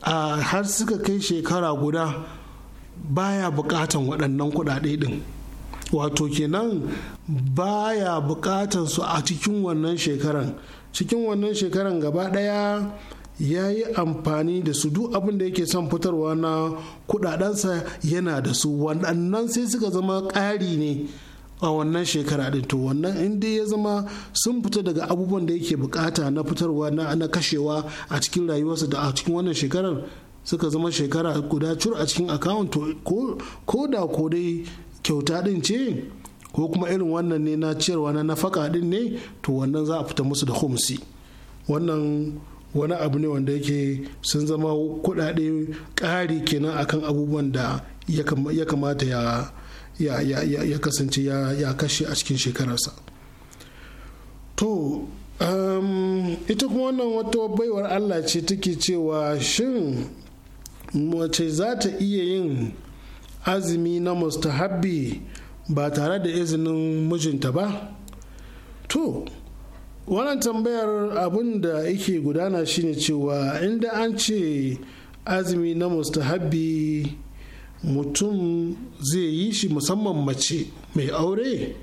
har suka kai shekara guda baya bukatan waɗannan kuɗaɗe ɗin wato kenan baya bukatan su a cikin wannan shekaran cikin wannan shekaran gaba ɗaya ya yi amfani da su duk abin da yake son fitarwa na kuɗaɗensa yana da su waɗannan sai suka zama ƙari ne a wannan shekara ɗin, to wannan inda ya zama sun fita daga abubuwan da yake bukata na fitarwa na kashewa a cikin rayuwarsa da a cikin wannan shekarar suka zama shekara guda cur a cikin account ko da ko dai kyauta din ce ko kuma irin wannan ne na ciyarwa na nafaka din ne to wannan za a fita musu da homsi wannan wani abu ne wanda yake sun zama kuɗaɗe ƙari kenan akan abubuwan da ya kamata ya ya kasance ya kashe a cikin shekararsa to um, ita kuma wannan wata baiwar allah ce take cewa shin mace za ta iya yin azumi na mustahabbi ba tare da izinin mijinta ba to wannan tambayar abin da yake gudana shine cewa inda an ce azumi na mustahabbi mutum zai yi shi musamman mace mai aure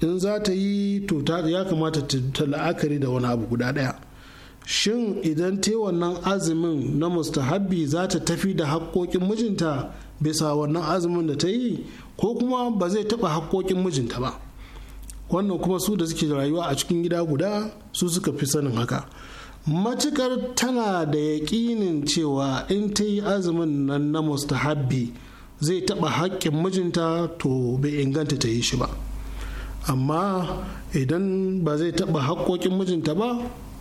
in za ta yi to ya kamata ta la'akari da wani abu guda daya shin idan ta wannan azumin na mustahabbi za ta tafi da haƙoƙin mijinta bisa wannan azumin da ta yi ko kuma ba zai taɓa haƙoƙin mijinta ba wannan kuma su da suke rayuwa a cikin gida guda su suka fi sanin haka matukar tana da yaƙinin cewa in ta yi azumin nan na mustahabbi zai taɓa haƙƙin mijinta to bai inganta ta yi shi ba amma idan ba zai taɓa haƙƙoƙin mijinta ba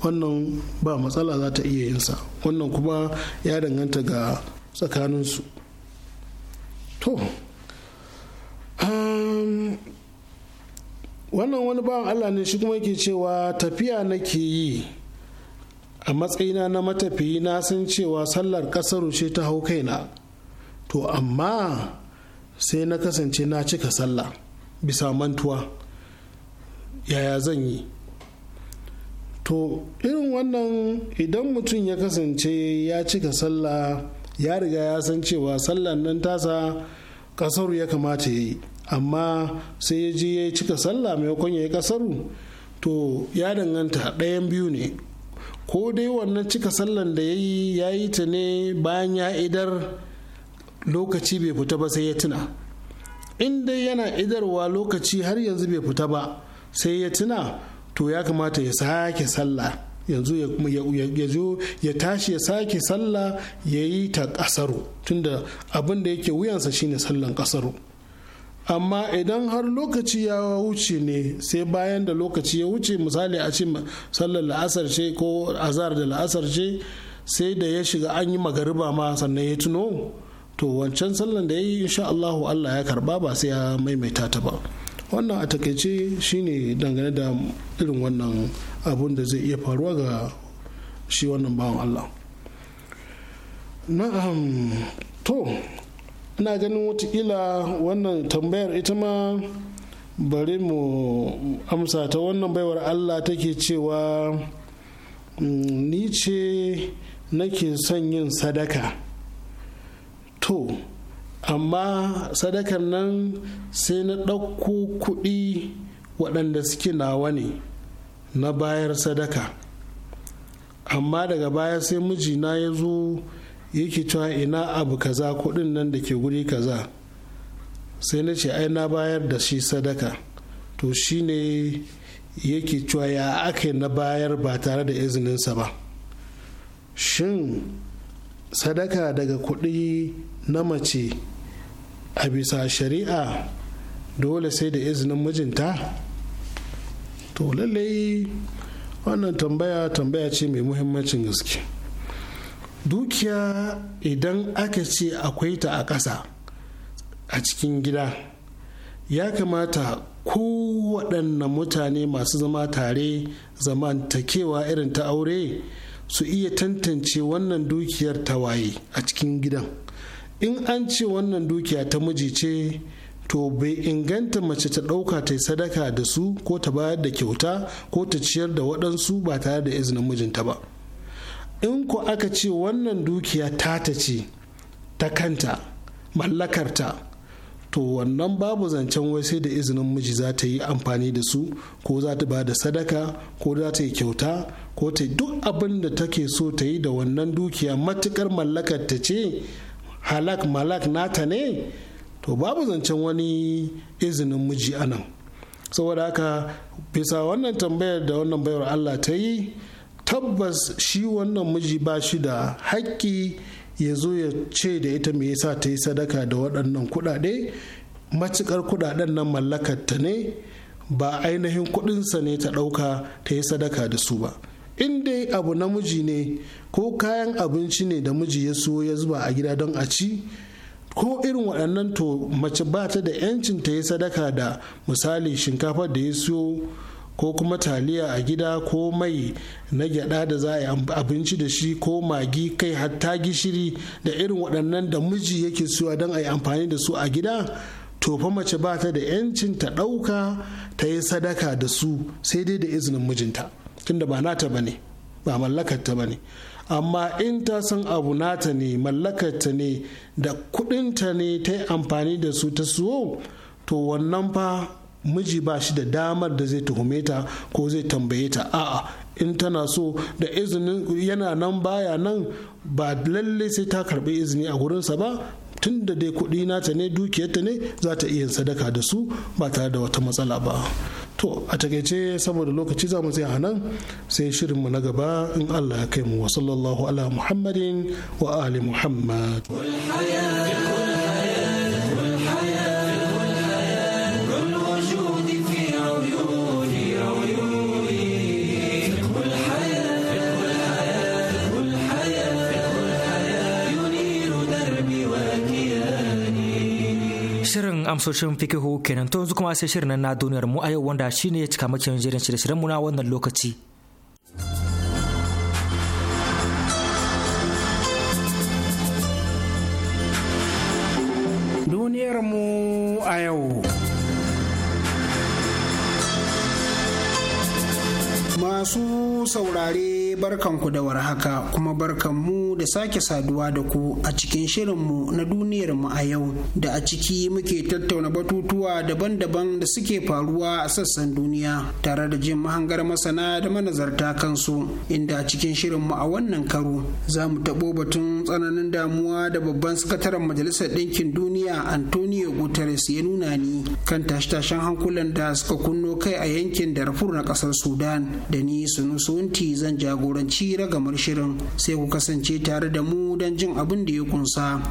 wannan ba matsala za ta iya yinsa wannan kuma ya danganta ga tsakaninsu to um, wannan wani bawan allah ne shi kuma yake cewa tafiya nake yi a matsayina na matafiyi na san cewa sallar ƙasar rushe ta hau kaina to amma sai na kasance na cika sallah bisa mantuwa yaya zan yi to irin wannan idan mutum ya kasance ya cika sallah ya riga ya san cewa sallan nan tasa kasaru ya kamata ya yi amma sai ya je ya cika sallah maimakon ya yi kasaru to ya danganta ɗayan biyu ne ko dai wannan cika sallan da ya yi ya yi ta ne bayan ya idar lokaci bai fita ba sai ya tuna in dai yana idarwa lokaci har yanzu bai fita ba sai ya tuna to ya kamata ya sake sallah yanzu ya zo ya tashi ya sake sallah ya yi ta kasaru tunda abin da yake wuyansa shine sallan kasaru amma idan har lokaci ya wuce ne sai bayan da lokaci ya wuce misali a ce sallar la'asar ce ko azar da la'asar ce sai da ya shiga an yi magariba ma sannan ya tuno to wancan sallan da ya yi insha Allah ya karba ba sai ya maimaita ta ba. wannan a takaice shine dangane da irin wannan abun da zai iya faruwa ga shi wannan bawan allah na'am to ina ganin watakila wannan tambayar ita ma bari mu amsa ta wannan baiwar allah take cewa mm, ni ce nake son yin sadaka to amma sadakar nan sai na ɗauko kuɗi waɗanda suke nawa ne na bayar sadaka amma daga baya sai mijina ya zo yake cewa ina abu kaza kuɗin nan da ke guri kaza sai na ce ai na bayar da shi sadaka to shine yake cewa ya aka na bayar ba tare da izininsa ba shin sadaka daga kuɗi na mace a bisa shari'a dole sai da izinin mijinta to lallai wannan tambaya tambaya ce mai muhimmancin gaske dukiya idan aka ce akwai ta a ƙasa a cikin gida ya kamata kowaɗanne mutane masu zama tare zamantakewa irin ta aure su iya tantance wannan dukiyar tawaye a cikin gidan in an ce wannan dukiya ta miji ce to bai inganta mace ta ɗauka ta sadaka da su ko ta bayar da kyauta ko ta ciyar da waɗansu ba tare da izinin mijinta ba in ku aka ce wannan dukiya ta ta ce ta kanta mallakarta to wannan babu zancen wai sai da izinin miji za ta yi amfani da su ko za ta ba da sadaka ko za ta yi kyauta ko ta yi duk abin da take so ta yi da wannan dukiya matukar mallakar ta ce halak malak nata ne to babu zancen wani izinin miji anan saboda haka bisa wannan tambayar da wannan bayar allah ta yi tabbas shi wannan miji ba shi da haƙƙi ya zo ya ce da ita me yasa ta yi sadaka da waɗannan kuɗaɗe macikar kuɗaɗen nan mallakarta ne ba ainihin kuɗinsa ne ta ɗauka ta yi sadaka da su ba. in dai abu namiji ne ko kayan abinci ne da miji ya so ya zuba a gida don a ci ko irin waɗannan to mace ba ta da 'yancin ta yi sadaka da misali shinkafar da ya siyo ko kuma taliya a gida ko mai na gyada da za a yi abinci da shi ko magi kai hatta gishiri da irin waɗannan da miji yake suwa don a yi amfani da su a gida to fa mace ba ta da 'yancin ta ɗauka ta yi sadaka da su sai dai da izinin mijinta. tunda ba nata bane ba mallakarta bane amma in ta san abu nata ne mallakarta ne da kudinta ne ta yi amfani da su ta suwo to wannan fa miji ba shi da damar da zai tuhume ta ko zai tambaye ta a'a in tana so da izinin yana nan baya nan ba lalle sai ta karbi izini a gurinsa ba tun da dai kuɗi nata ne dukiyarta ne za ta iya sadaka da su ba tare da wata matsala ba to a takaice saboda lokaci za mu tsaya a nan sai shirinmu na gaba in allah ya kai mu wa sallallahu ala muhammadin wa ali muhammad amsoshin fikihu kenan to yanzu kuma sai shirin na duniyar mu a yau wanda shine ya cika makin jirin shirye-shiryen mu na wannan lokaci saurare barkanku da warhaka kuma barkanmu da sake saduwa da ku a cikin shirinmu na duniyarmu a yau da a ciki muke tattauna batutuwa daban-daban da suke faruwa a sassan duniya tare da jin mahangar masana da manazarta kansu inda a cikin shirinmu a wannan karo za mu taɓo batun tsananin damuwa da babban sakataren majalisar ɗinkin duniya antonio guterres ya nuna ni kan tashe-tashen hankulan da suka kunno kai a yankin darfur na ƙasar sudan da ni sunusu minti zan jagoranci ragamar shirin sai ku kasance tare da mu don jin abin da ya kunsa.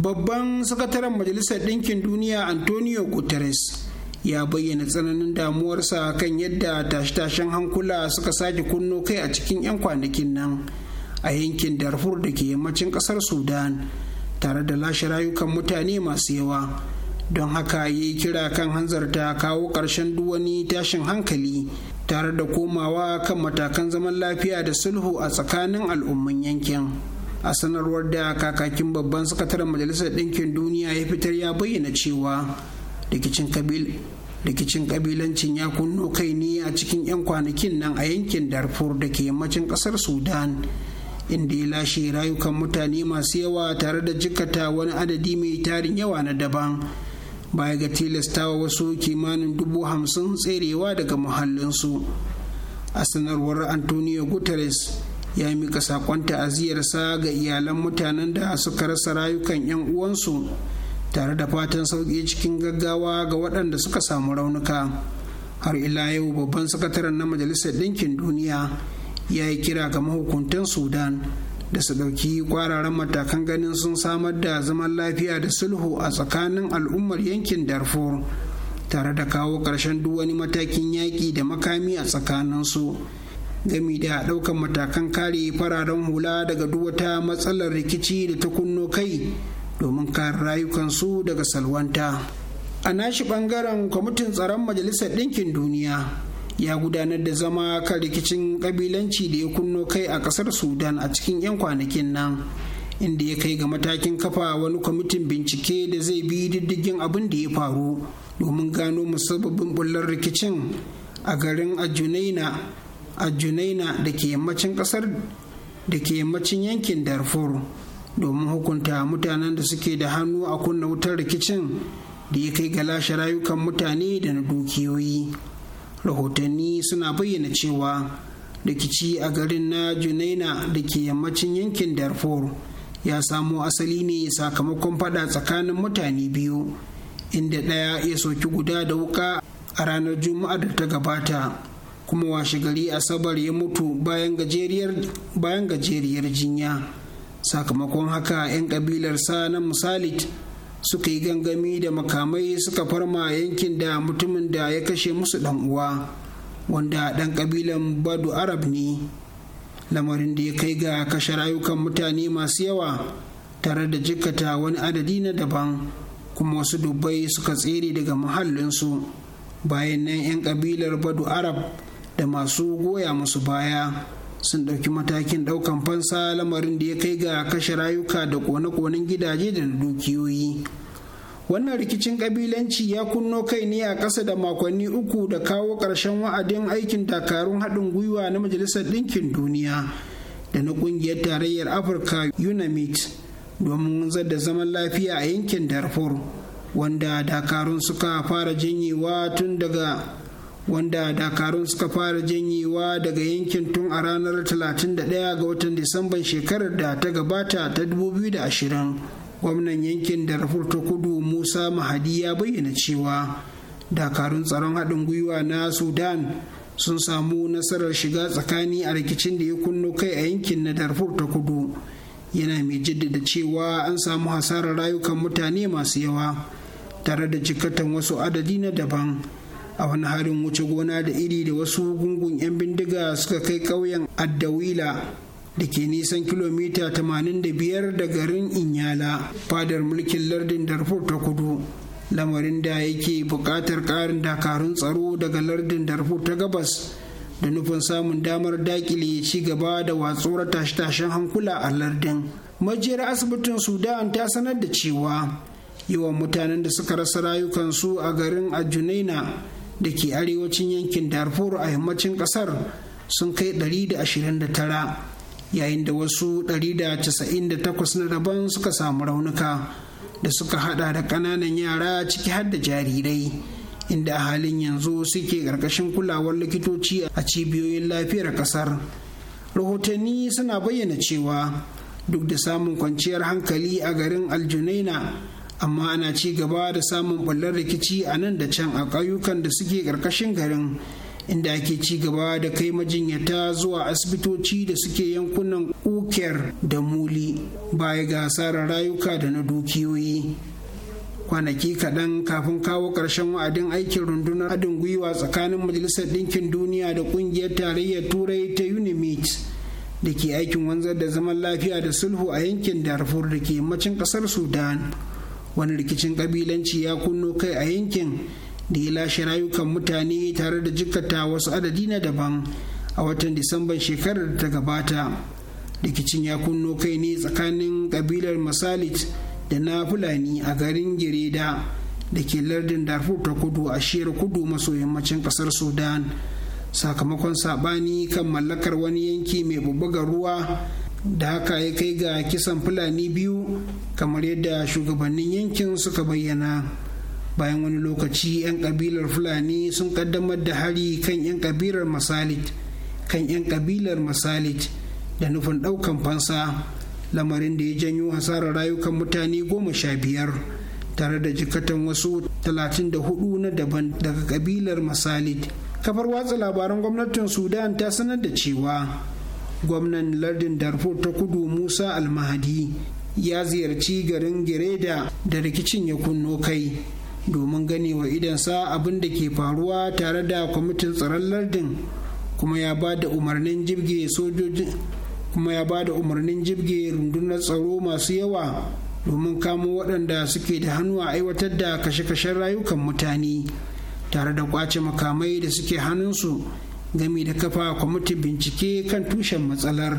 babban sakataren majalisar ɗinkin duniya antonio guterres ya bayyana tsananin damuwarsa kan yadda tashe-tashen hankula suka sake kunno kai a cikin 'yan kwanakin nan a yankin darfur da ke yammacin kasar sudan tare da lashe rayukan mutane masu yawa don haka ya yi kira kan hanzarta kawo ƙarshen duwani tashin hankali tare da komawa kan matakan zaman lafiya da sulhu a tsakanin al'umman yankin a sanarwar da kakakin babban sakataren majalisar ɗinkin duniya ya fitar ya bayyana cewa rikicin kabil kabilancin ya kunno kai ne a cikin 'yan kwanakin nan a yankin darfur da ke yammacin kasar sudan inda ya lashe rayukan mutane masu yawa tare da jikata wani adadi mai tarin yawa na daban baya ga tilastawa wasu kimanin dubu hamsin tserewa daga muhallinsu a sanarwar antonio guterres ya mika sakon ta'aziyarsa ga iyalan mutanen da suka rasa rayukan 'yan uwansu tare da fatan sauƙi cikin gaggawa ga waɗanda suka samu raunuka har ila yau babban sakataren na majalisar ɗinkin duniya ya yi kira ga mahukuntan sudan da su ɗauki kwararan matakan ganin sun samar da zaman lafiya da sulhu a tsakanin al'ummar yankin darfur tare da kawo ƙarshen duk wani matakin yaƙi da makami a tsakaninsu gami da ɗaukan matakan kare fararen hula daga duk wata matsalar rikici da ta kunno kai domin kare rayukansu daga salwanta a nashi bangaren kwamitin tsaron majalisar ɗinkin duniya ya gudanar da zama kan rikicin kabilanci da ya kunno kai a ƙasar sudan a cikin 'yan kwanakin nan inda ya kai ga matakin kafa wani kwamitin bincike da zai bi diddigin abin da ya faru domin gano musabbabin bullar rikicin a garin ajunaina da ke yammacin da ke yammacin yankin darfur domin hukunta mutanen da suke da hannu a kunna wutar rikicin da ya kai ga lashe rayukan mutane da na dukiyoyi rahotanni suna bayyana cewa rikici a garin na junaina da ke yammacin yankin darfur ya samo asali ne sakamakon fada tsakanin mutane biyu inda ɗaya ya soki guda da wuka a ranar juma'a da ta gabata kuma washe gari asabar ya mutu bayan gajeriyar jinya sakamakon haka 'yan kabilarsa na musalit suka yi gangami da makamai suka farma yankin da mutumin da ya kashe musu dan uwa wanda dan kabilan badu arab ne lamarin da ya kai ga kashe rayukan mutane masu yawa tare da jikkata wani adadi na daban kuma wasu dubbai suka tsere daga muhallinsu bayan nan 'yan kabilar badu arab da masu goya musu baya sun ɗauki matakin ɗaukan fansa lamarin da ya kai ga kashe rayuka da kone-konen gidaje da dukiyoyi wannan rikicin kabilanci ya kunno kai ne a ƙasa da makonni uku da kawo ƙarshen wa'adin aikin dakarun haɗin gwiwa na majalisar ɗinkin duniya da na ƙungiyar tarayyar afirka unamit domin da zaman lafiya a yankin darfur wanda dakarun suka fara janyewa tun daga wanda dakarun suka fara janyewa daga yankin tun a ranar 31 ga watan disamban shekarar da ta gabata ta 2020 gwamnan yankin da ta kudu musa mahadi ya bayyana cewa dakarun tsaron haɗin gwiwa na sudan sun samu nasarar shiga tsakani a rikicin da ya kunno kai a yankin na darfur ta kudu yana mai jaddada cewa an samu hasarar rayukan mutane masu yawa tare da jikatan wasu adadi na daban a wani harin wuce gona da iri da wasu gungun 'yan bindiga suka kai ƙauyen addawila da ke nisan kilomita 85 da garin inyala fadar mulkin lardin darfur ta kudu lamarin da yake buƙatar ƙarin dakarun tsaro daga lardin darfur ta gabas da nufin samun damar dakile ci gaba da watsuwar tashe-tashen hankula a lardin majiyar asibitin sudan ta sanar da cewa yawan mutanen da suka rasa rayukansu a garin ajunaina da ke arewacin yankin darfur a yammacin kasar sun kai 129 yayin da wasu 198 na daban suka samu raunuka da suka hada da kananan yara ciki har da jarirai inda a halin yanzu suke ƙarƙashin kulawar likitoci a cibiyoyin lafiyar kasar rahotanni suna bayyana cewa duk da samun kwanciyar hankali a garin aljunaina amma ana ci gaba da samun ɓullar rikici a nan da can a ƙauyukan da suke ƙarƙashin garin inda ake ci gaba da kai majinyata zuwa asibitoci da suke yankunan uker da muli baya ga asarar rayuka da na dukiyoyi kwanaki kaɗan kafin kawo ƙarshen wa'adin aikin rundunar haɗin gwiwa tsakanin majalisar ɗinkin duniya da ƙungiyar tarayyar turai ta unimit da ke aikin wanzar da zaman lafiya da sulhu a yankin darfur da ke yammacin ƙasar sudan wani rikicin kabilanci ya kunno kai a yankin da ya lashe rayukan mutane tare da jikata wasu adadi na daban a watan disamban shekarar da ta gabata rikicin ya kunno kai ne tsakanin kabilar masalit da na fulani a garin gereda da ke lardin darfur ta kudu a shiyar kudu maso yammacin kasar sudan sakamakon sabani kan mallakar wani yanki mai bubbugar ruwa da haka ya kai ga kisan fulani biyu kamar yadda shugabannin yankin suka bayyana bayan wani lokaci 'yan kabilar fulani sun kaddamar da hari kan 'yan kabilar masalit kan 'yan kabilar masalit da nufin ɗaukan fansa lamarin da ya janyo hasarar rayukan mutane goma sha biyar tare da jikatan wasu talatin da hudu na daban daga kabilar masalit kafar watsa labaran gwamnatin sudan ta sanar da cewa gwamnan lardin darfur ta kudu musa almahadi ya ziyarci garin gereda da rikicin ya kunno kai domin ganewa idansa abin da ke faruwa tare da kwamitin tsaron lardin kuma ya ba da umarnin jibge sojojin kuma ya ba da umarnin jibge rundunar tsaro masu yawa domin kamo waɗanda suke da hannu a aiwatar da kashe-kashen rayukan mutane tare da kwace makamai da suke hannunsu gami da kafa kwamitin bincike kan tushen matsalar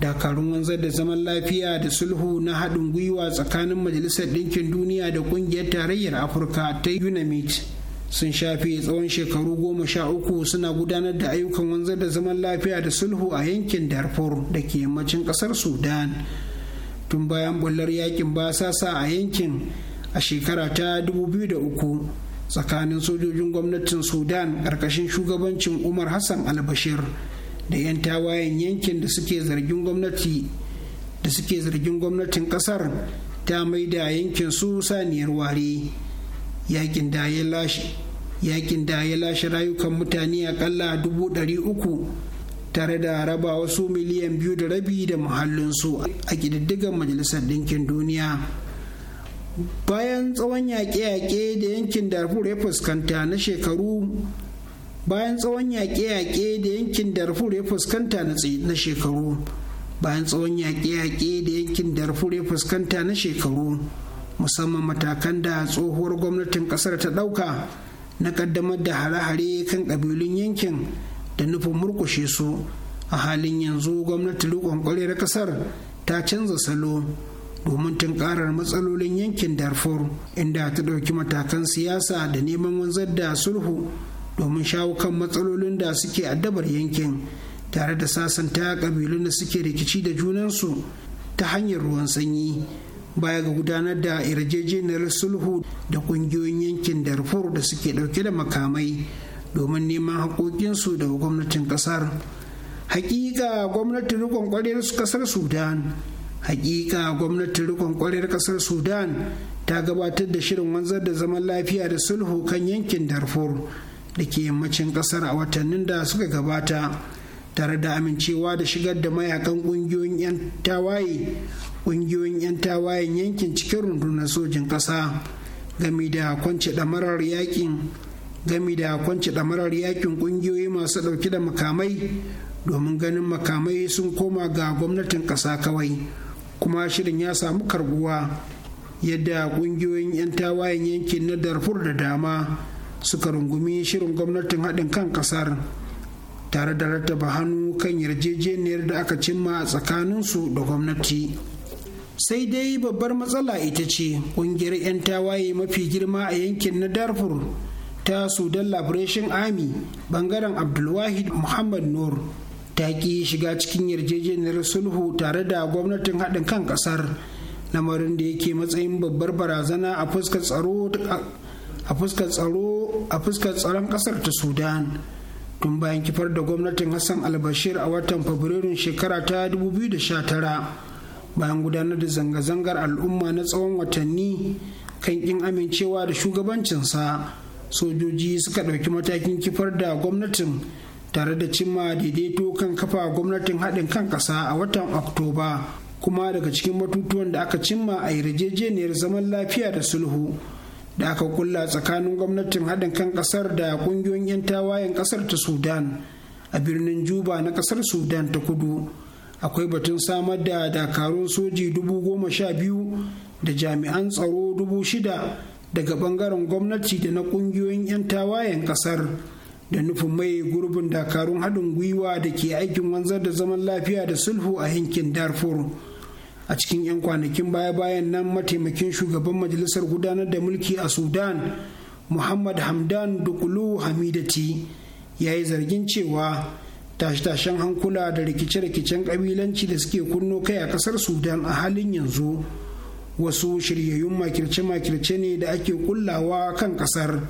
dakarun wanzar da zaman lafiya da sulhu na haɗin gwiwa tsakanin majalisar ɗinkin duniya da ƙungiyar tarayyar afirka ta unamit sun shafe tsawon shekaru goma sha uku suna gudanar da ayyukan wanzar da zaman lafiya da sulhu a yankin darfur da ke yammacin ƙasar sudan tun bayan bullar yakin basasa a yankin a shekara ta 2003 tsakanin sojojin gwamnatin sudan ƙarƙashin shugabancin umar hassan albashir da 'yan tawayen yankin da suke zargin gwamnati da suke zargin gwamnatin ƙasar ta mai da yankin su saniyar ware yakin da ya lashe rayukan mutane akalla dubu ɗari uku tare da raba wasu miliyan biyu da rabi da muhallinsu a ƙididdigan majalisar ɗinkin duniya bayan tsawon yaƙe-yaƙe da yankin darfur ya fuskanta na shekaru bayan tsawon yaƙe-yaƙe da yankin darfur ya fuskanta na shekaru bayan tsawon yaƙe-yaƙe da yankin darfur ya fuskanta na shekaru musamman matakan da tsohuwar gwamnatin ƙasar ta ɗauka na ƙaddamar da hare-hare kan ƙabilun yankin da nufin murƙushe su a halin yanzu gwamnati riƙon ƙwarar ƙasar ta canza salo domin tunkarar matsalolin yankin darfur inda ta ɗauki matakan siyasa da neman wanzar da sulhu domin shawo kan matsalolin da suke addabar yankin tare da sasanta ƙabilun da suke rikici da junansu ta hanyar ruwan sanyi baya ga gudanar da yarjejeniyar sulhu da ƙungiyoyin yankin darfur da suke ɗauke da makamai domin neman haƙoƙinsu daga gwamnatin ƙasar hakika gwamnatin riƙon ƙwarewar kasar sudan hakika gwamnatin rikon kwarar kasar sudan ta gabatar da shirin wanzar da zaman lafiya da sulhu kan yankin darfur da ke yammacin kasar a watannin da suka gabata tare da amincewa da shigar da mayakan kungiyoyin 'yan tawaye kungiyoyin 'yan tawayen yankin cikin rundunar sojin kasa gami da kwanci damarar yakin gami da kwanci damarar yakin kungiyoyi masu dauke da makamai domin ganin makamai sun koma ga gwamnatin kasa kawai kuma shirin ya samu karbuwa yadda kungiyoyin 'yan tawayen yankin na darfur da dama suka rungumi shirin gwamnatin haɗin kan ƙasar tare da rattaba hannu kan yarjejeniyar da aka cimma a tsakaninsu da gwamnati sai dai babbar matsala ita ce ƙungiyar 'yan tawaye mafi girma a yankin na darfur ta sudan liberation army bangaren abdulwahid muhammad nur ta ƙi shiga cikin yarjejeniyar sulhu tare da gwamnatin haɗin kan ƙasar lamarin da yake matsayin babbar barazana a fuskar tsaro a fuskar tsaron ƙasar ta sudan tun bayan kifar da gwamnatin hassan albashir a watan fabrairun shekara ta 2019 bayan gudanar da zanga-zangar al'umma na tsawon watanni kan ƙin amincewa da shugabancinsa sojoji suka ɗauki matakin kifar da gwamnatin tare da cimma daidaito kan kafa gwamnatin haɗin kan ƙasa a watan oktoba kuma daga cikin matutuwan da aka cimma a yarjejeniyar zaman lafiya da sulhu da aka kulla tsakanin gwamnatin haɗin kan ƙasar da ƙungiyoyin 'yan tawayen ƙasar ta sudan a birnin juba na ƙasar sudan ta kudu akwai batun samar da dakarun soji dubu goma sha biyu da jami'an tsaro dubu shida daga ɓangaren gwamnati da na ƙungiyoyin 'yan tawayen ƙasar da nufin mai gurbin dakarun haɗin gwiwa da ke aikin wanzar da zaman lafiya da sulhu a yankin darfur a cikin 'yan kwanakin baya-bayan nan mataimakin shugaban majalisar gudanar da mulki a sudan muhammad hamdan dukulu hamidati ya yi zargin cewa tashe-tashen hankula da rikice-rikicen kabilanci da suke kunno kai a kasar sudan a halin yanzu wasu shiryayyun makirce-makirce ne da ake kullawa kan kasar.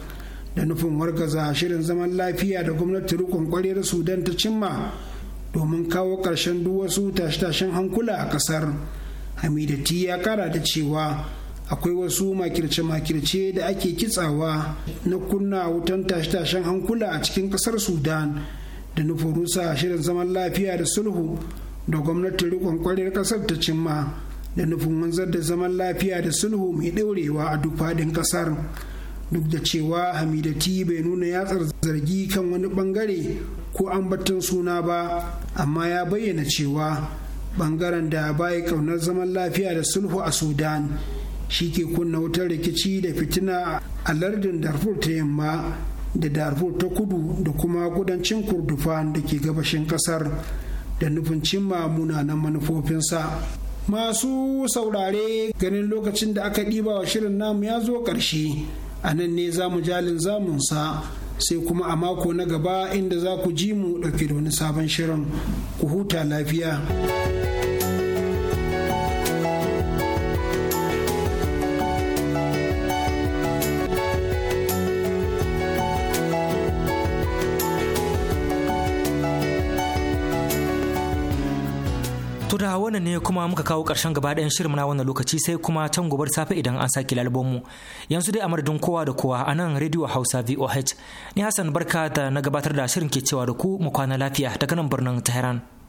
da nufin wargaza shirin zaman lafiya da gwamnati rikon kwarar sudan ta cimma domin kawo ƙarshen duk wasu tashe-tashen hankula a ƙasar hamidati ya kara da cewa akwai wasu makirce-makirce da ake kitsawa na kunna wutan tashe-tashen hankula a cikin ƙasar sudan da nufin rusa shirin zaman lafiya da sulhu da gwamnati rikon kwarar ƙasar ta cimma da nufin wanzar da zaman lafiya da sulhu mai ɗorewa a duk faɗin ƙasar. duk da cewa hamidati bai nuna yatsar zargi kan wani bangare ko an batun suna ba amma ya bayyana cewa bangaren da baya kaunar zaman lafiya da sulhu a sudan shi ke kunna wutar rikici da fitina a lardin darfur ta yamma da darfur ta kudu da kuma kudancin kurdufan da ke gabashin kasar da nufin cimma munanan manufofinsa masu saurare ganin lokacin da aka ɗiba wa shirin namu ya zo ƙarshe a nan ne za mu jalin zamunsa sai kuma a mako na gaba inda za ku ji mu ɗauke da wani sabon shirin ku huta lafiya. da wannan ne kuma muka kawo ƙarshen gaba ɗayan shirin na wannan lokaci sai kuma can gobar safe idan an sake mu yanzu dai a madadin kowa da kowa a nan rediyo hausa voh ni hassan barka da na gabatar da shirin ke cewa da ku mu kwana lafiya daga nan birnin tehran